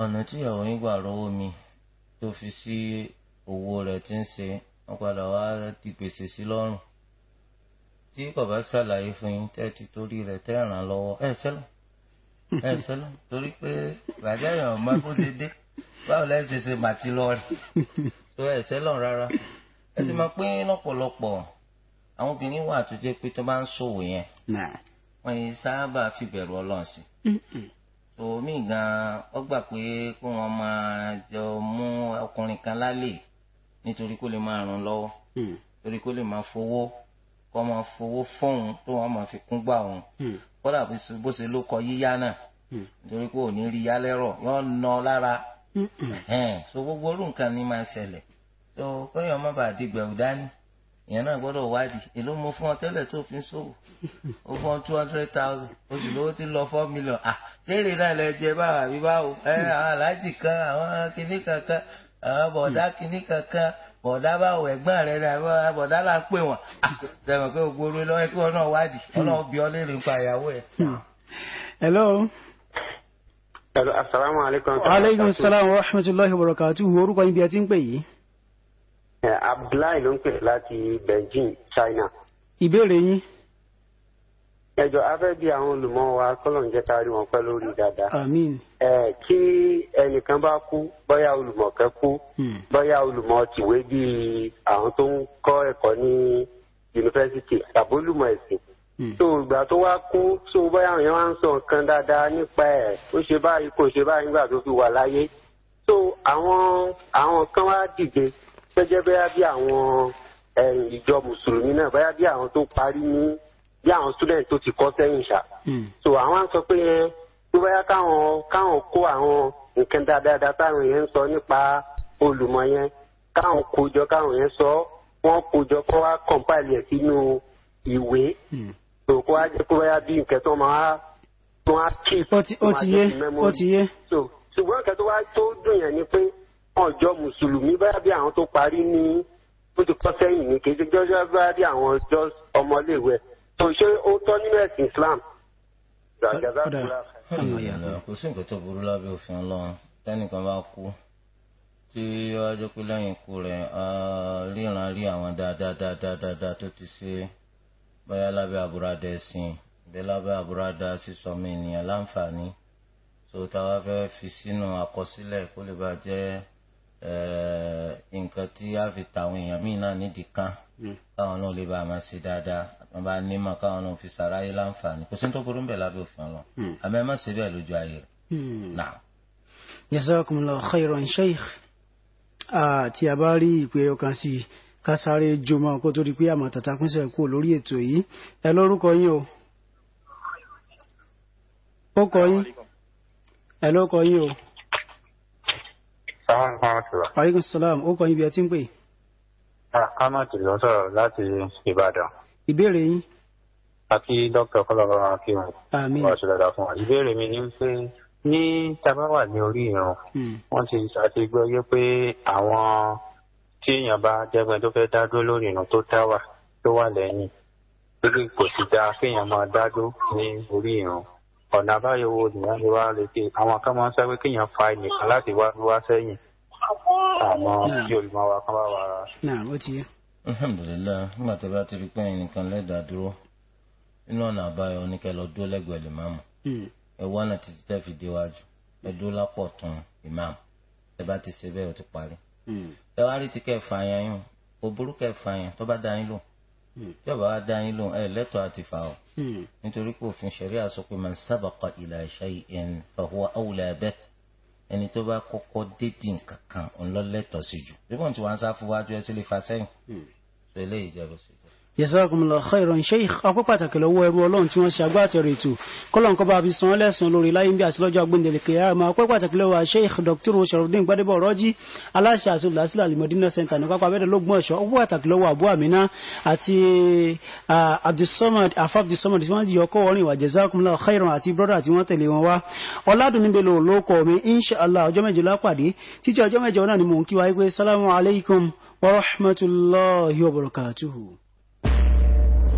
ọ̀nà tí ìyàwó yín gbà rọ́wọ́ mi tó fi sí owó rẹ̀ ti ń ṣe wọ́n padà wá ti gbèsè sí lọ́rùn tí kò bá ṣàlàyé fún ẹ sọlá torí pé bàjẹ́ èèyàn ọmọ bó ṣe dé báwo lẹ́yìn ṣe ṣe màtí lọ rí tó ẹ sẹ́lọ̀ rárá ẹ sì máa pín lọ́pọ̀lọpọ̀ àwọn obìnrin wà tó jẹ́ pé tó bá ń ṣòwò yẹn wọ́n yìí sábà fìbẹ̀rù ọlọ́run sí omi gan ọ gbà pé kó wọn máa jọ mú ọkùnrin kan lálẹ́ nítorí kó lè máa ràn lọ́wọ́ mm. torí kó lè máa fowó kó máa fowó fóun tó wọn máa fi kún gbà òun mm kódà bó ṣe ló kọ yíyá náà hmm. nítorí pé ò ní rí yálẹ́rọ̀ yóò nà ọ́ lára hmm. so gbogbo orú nǹkan ni máa ṣẹlẹ̀ so kéèyàn má bàa di gbẹ̀rù dání ìyẹn náà gbọ́dọ̀ wádìí èló mo fún ọ tẹ́lẹ̀ tó fi ń ṣòwò ó fún ọ two hundred thousand oṣù lówó ti lọ four million ah ṣéèrè náà lẹ jẹ báwa àbí báwo ẹ àwọn aláàjì kan àwọn kinní kankan àwọn bọ̀dá kinní kankan bọ̀dá bá wọ̀ ẹ̀gbọ́n rẹ̀ rẹ̀ bọ̀dá là ń pè wọ́n sẹ́wọ̀n ah, pé gbogbo orí lọ́wọ́ kí náà wádìí hmm. ọlọ́run bí ọ léèrè nípa ìyàwó ẹ̀. Hmm. aleykum salaam wa rahmatulahi ti ń pè eh, abdullahi ló ń pè china. ìbéèrè yín. ẹjọ afẹ bí àwọn olùmọ wa kọlọ ń jẹ ká rí wọn pẹ lórí dáadáa. àmín. ẹ kí ẹnìkan bá kú bóyá olùmọ kẹ kú hmm. bóyá olùmọ tìwé bíi àwọn tó ń kọ ẹ̀kọ́ ní yunifásitì tàbí olùmọ ẹ̀sìn. tó hmm. ìgbà tó wá kú tó bóyá àwọn yẹn wá ń sọ nǹkan dáadáa nípa ẹ̀ ó ṣe báyìí kò ṣe báyìí nígbà tó fi wà láyé. tó àwọn àwọn kan wá dìde gbẹgẹ bẹyà bí àwọn ìjọ mùsùlùmí náà bẹyà bí àwọn tó parí ní bí àwọn student tó ti kọ́ sẹ́yìn ṣá. Hmm. so àwọn sọ pé yẹn tó bá káwọn káwọn kó àwọn nǹkan dáadáa táwọn yẹn ń sọ nípa olùmọ̀ yẹn káwọn kó káwọn yẹn sọ wọn kó kó wá compile ẹ̀ sínú ìwé. Hmm. so kó wá jẹ́ kó bá bí nǹkan tó máa tó máa keep tó máa jẹ́ memory. so ṣùgbọ́n nǹkan tó wá tó dùn yẹn ni pé ọjọ́ mùsùlùmí báyà bí àwọn tó parí ní ó ti kọ́ sẹ́yìn ní kejì jọ́jọ́ báyà bí àwọn ọmọléèwé tó ṣe ó tọ́ nínú ẹ̀sìn Islam. Hmm. kò sí nǹkan tó burú lábẹ́ òfin ọlọ́run tẹ́nìkan bá kú tí ó wá jẹ́ pé lẹ́yìn ikú rẹ̀ ríran rí àwọn dáadáa dáadáa dáadáa tó ti ṣe báyà lábẹ́ àbúradà ẹ̀sìn bẹ́ẹ̀ lábẹ́ àbúradà sísọmọ ènìyàn láǹfààní tó táwa fẹ́ fi sínú àkọsílẹ̀ kó lè bàa jẹ́ nǹkan tí a fi tàwọn èèyàn míì náà nídìí kan káwọn hmm. náà lè bá a máa ṣe dáadáa wọn bá ní mọ káwọn náà fi sàrà ayé láǹfààní kò sí ní tó burú bẹ́ẹ̀ lábẹ́ òfin ọlọ hmm. àmọ́ ẹ má ṣe bẹ́ẹ̀ lójú ayé rẹ̀. Hmm. jazakumullahu khairan sheikh tí a bá rí ìpè ọkàn sí i ká sáré jọmọ kó tó di pé àmọ tàtà pínṣẹ kú lórí ètò yìí ẹ lórúkọ yín o ó kọ yín ẹ ló yín o. sàlámù alaykum. aleykum salaam ó kọ yín bí ẹ ti ń pè é kámọ̀ tìlọ́ sọ̀rọ̀ láti Ìbàdàn. ìbéèrè yín. àti dókítà kọlọ́ba akínwó. àmín ọ̀ṣọ́ dada fún wa. ìbéèrè mi ni pé ní tábà wà ní orí irun wọ́n ti àti gbọ́ yé pé àwọn tí èèyàn bá jẹ́gbẹ́ tó fẹ́ dá dúró lórí irun tó dá wà tó wà lẹ́yìn lórí kò sì dáa kéèyàn máa dá dúró ní orí irun ọ̀nà àbáyọ nìyẹn ni wàá retí àwọn kan máa ń sáré kéèyàn fa ẹnìkan láti wá wá sẹ́yìn àmọ́ kí olùmọ̀ wa kán bá wa. náà ó ti yẹ. alhamdulilayi nígbà tó bá ti rí pé ẹnìkan lẹ́dàá dúró inú ọ̀nà àbáyọ ní kẹ́ lọ dúró lẹ́gbẹ̀ẹ́ lè máàmù hmm. ẹ wá náà títí tẹ́ fi déwájú ẹ dúró lápọ̀ tán ìmáàmù ẹ bá ti ṣe bẹ́ẹ̀ ó ti parí. Hmm. ẹ wá rí ti kẹ́ yẹn yún o burú kẹ́ yẹn tó bá dá yín lò hmm. tí ọba wa dá yín lò ẹ lẹ́tọ̀ọ́ àti fà ọ́ nítorí pé òfin ṣẹ̀ríà sọ pé man sabaqa ila shay'in fa huwa awla bihi ẹni tó bá kọ́kọ́ dédì nǹkan kan ńlọ́lẹ́tọ̀ sí jù bí wọ́n ti wá ń sá fún wájú ẹ sí fa sẹ́yìn. ṣe hmm. eléyìí jẹ́ bó ṣe jẹ́. Jazakumullahu khairan Sheikh ọpẹ́ pàtàkì lọ́wọ́ ẹrú Ọlọ́run tí wọ́n ṣe agbátẹrù ètò kọlọn kọba àbí san lẹ́san lórí láyé bí àti lọ́jọ́ agbẹndẹlẹ kẹyà máa ọpẹ́ pàtàkì lọ́wọ́ Sheikh Dr. Sharafdin Gbadebo Ọrọjì aláṣẹ àti olùdásílẹ̀ alimọdínà center ní pápá abẹdẹ lọgbọn ẹṣọ ọpẹ́ pàtàkì lọ́wọ́ Abu Amina àti Abdulsamad afa Abdulsamad tí wọ́n yọ ọkọ orin wa Jazakumullahu khairan àti brọdà tí wọ́n tẹ̀lé wọn wá ọládùnníbelò lóko mi inshallah ọjọ́ mẹ́jọ lápàdé títí ọjọ́ mẹ́jọ náà ni mò ń kí wa wípé salamu alaykum wa rahmatulahi wa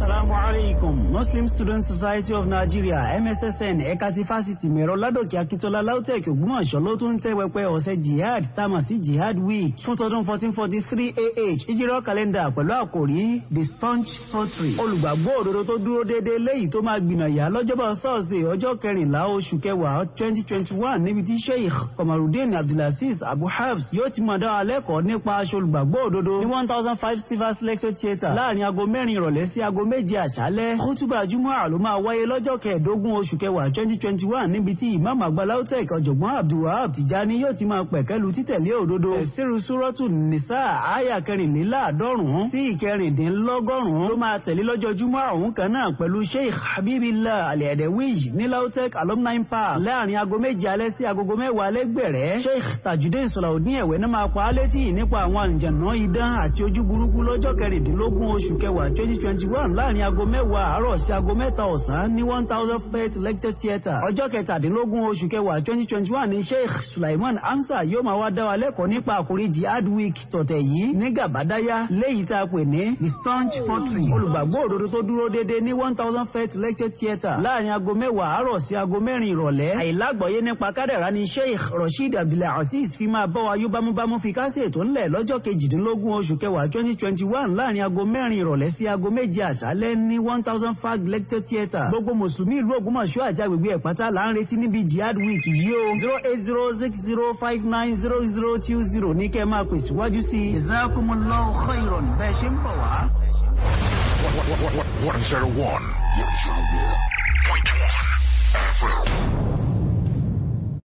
Assalamu alaikum. Muslim Student Society of Nigeria MSSN ẹ̀ka ti fásitì mẹ̀rọ ládòkè Akíntola LAUTECH Ògbómọ̀ṣọ́ ló tún tẹ́ wẹpẹ́ ọ̀sẹ̀ jihad támọ̀ sí jihad week fún tọdún fourteen forty three AH ìjírọ̀ kàlẹ́ndà pẹ̀lú àkòrí the staunch country. Olùgbàgbọ́ òdodo tó dúró déédéé léyìí tó máa gbìnàyà lọ́jọ́bọ̀ Thursday ọjọ́ kẹrìnlá oṣù kẹwàá twenty twenty one níbi tí Sheikh Kamarudin Abdulaziz Abu Habs yóò ti mọ̀ dára lẹ́kọ̀ọ́ nípa aṣọ olùgbàgbọ́ òdodo ní one thousand five silvers lecture theatre láàrin aago mẹ́rin ìrọ̀lẹ́ sí aago méje àṣálẹ́ kótúbà jumu'a ló máa wáyé lọ́jọ́ kẹẹ̀ẹ́dógún oṣù kẹwàá twenty twenty one níbi tí imam àgbà LAUTECH ọ̀jọ̀gbọ́n abdulwahab tijani yóò ti máa pẹ̀kẹ́lu títẹ̀lé òdodo tẹ̀síru súrọ́tù nìsà àyà kẹrìnléláàádọ́rùn-ún sí ìkẹrìndínlọ́gọ́rùn-ún ló máa tẹ̀lé lọ́jọ́ jumu'a ọ̀hún kan náà pẹ̀lú sheikh habibillah al-Adawiy ní LAUTECH alumni park láàrin aago méje alẹ́ sí agogo mẹ́wàá sheikh tajudeen sọ̀làudin ẹ̀wẹ́ náà máa pa á létí nípa àwọn àǹjàná idán àti ojú burúkú lọ́jọ́ kẹrìndínlógún oṣù láàrin aago mẹ́wàá àárọ̀ sí aago mẹ́ta ọ̀sán ní one thousand faith lecture theatre ọjọ́ kẹtàdínlógún oṣù kẹwàá twenty twenty one ní sheikh sulaiman hamza yóò máa wá dá wa lẹ́kọ̀ọ́ nípa àkóríjì hardwick tọ̀tẹ̀ yìí ní gàbádáyà léyìí tá a pè ní the staunch country olùgbàgbọ́ òdodo tó dúró déédéé ní one thousand faith lecture theatre láàrin aago mẹ́wàá àárọ̀ sí aago mẹ́rin ìrọ̀lẹ́ àìlágbọ̀yé nípa kádàrá ni sheikh rasheed abdulaziz fi máa bá wa yó bámúbámú fi kásẹ̀ tó ńlẹ̀ lọ́jọ́ kejìdínlógún oṣù kẹwàá twenty twenty one láàrin aago mẹ́rin ìrọ̀lẹ́ sí aago méje àṣà àṣálẹ́ ní one thousand five lecture theatre gbogbo mùsùlùmí ìlú ògbómọ̀ṣọ́ àti agbègbè ẹ̀pátá là ń retí níbi jihad week yìí o zero eight zero six zero five nine zero zero two zero ní kẹ́ máa pè síwájú sí i. jazakumullahu khairan bẹ́ẹ̀ ṣe ń bọ̀ wá. one zero one. one zero one. point one.